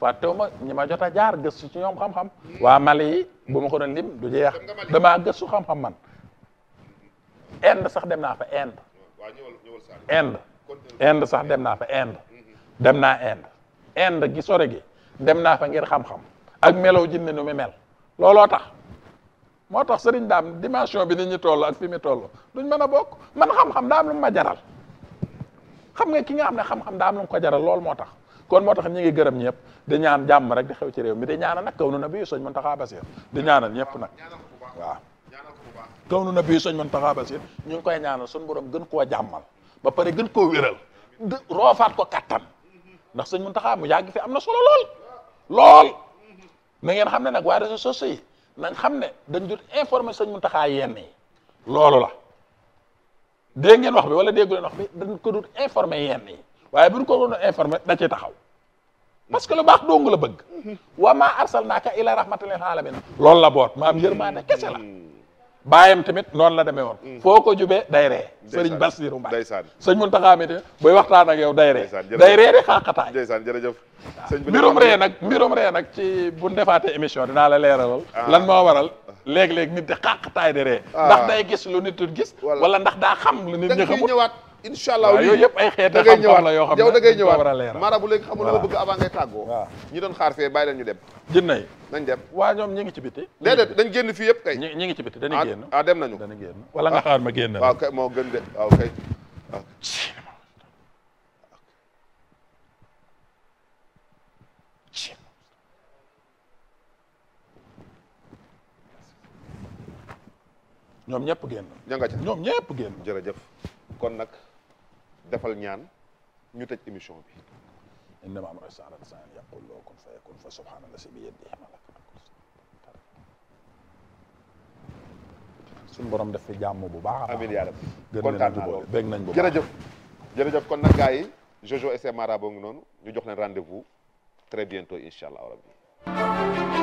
fàttewuma ñi ma jot a jaar gëstu ci ñoom xam-xam waa Mali yi bu ma lim du jeex dama gëstu xam-xam man Inde sax dem naa fa Inde Inde Inde sax dem naa fa Inde mm-hmm. naa Inde Inde gi sore gi dem naa fa ngir xam-xam ak melow jinne nu mi mel looloo tax moo tax sëriñ daam dimension bi nit ñi toll ak fi mi toll duñ mën a bokk man xam-xam daa am lu mu ma jaral xam nga ki nga xam ne xam-xam daa am lu ko jaral lool moo tax kon moo tax ñi ngi gërëm ñëpp di ñaan jàmm rek di xew ci réew mi di ñaanal nag kaw nu na bii soñ mën taxa basir di ñaanal ñëpp nag waaw kaw nu na bii soñ mën taxaa basir ñu ngi koy ñaanal suñu borom gën koo jàmmal ba pare gën koo wéral roofaat ko kattan ndax sëñ mën taxaa mu fi am na solo lool na ngeen xam ne nag waa réseaux sociaux yi nañ xam ne dañ dul informer sëñ Muntaxa yenn yi loolu la dégg ngeen wax bi wala déggu leen wax bi dañ ko dul informer yenn yi waaye buñ ko doon informer da cee taxaw parce que lu baax dong la bëgg wa maa arsalnaaka ila rahmatan lil alamin loolu la boot maam yërmaande kese la baayam tamit noonu la demee woon mm. foo ko jubee day ree sëriñ Basiru Mbaay sëñ Muntaxa mi te buy waxtaan ak yow day ree day ree di xaqataay jërëjëf mbirum ree nag mbirum ree nag ci bu defaatee émission dinaa la leeralal ah. lan moo waral léeg-léeg nit de xàqtaay di ree ah. ndax day gis lu nit gis wala ndax daa xam lu nit ñi xamul ñëwaat incha allah yooyu yëpp ay xeet da ngay ñëwaat la yoo xam ne yow da ngay ñëwaat mara bu léegi xamul ma bëgg avant ngay tàggoo ñi doon xaar fee bàyyi leen ñu dem jën nay nañ dem waa ñoom ñi ngi ci biti déedéet dañ génn fii yëpp kay ñi ngi ci biti dañu ah, génn ah dem nañu dañu génn wala nga xaar ma génn waaw kay moo gën ñoom ñëpp génn. ña nga ca ñoom ñëpp génn. jërëjëf kon nag defal ñaan ñu tëj émission bi. innama amruhu izaa araada shay'an an yaqula lahu kun fa subhaana llazii biyadihi malakut kulli shay'in. suñu borom def fi jàmm bu baax. amiin yaa rabbi kontaan nañ bu baax jërëjëf. jërëjëf kon nag gars yi Jojo et ses noonu ñu jox leen rendez-vous très bientôt incha allah rabbi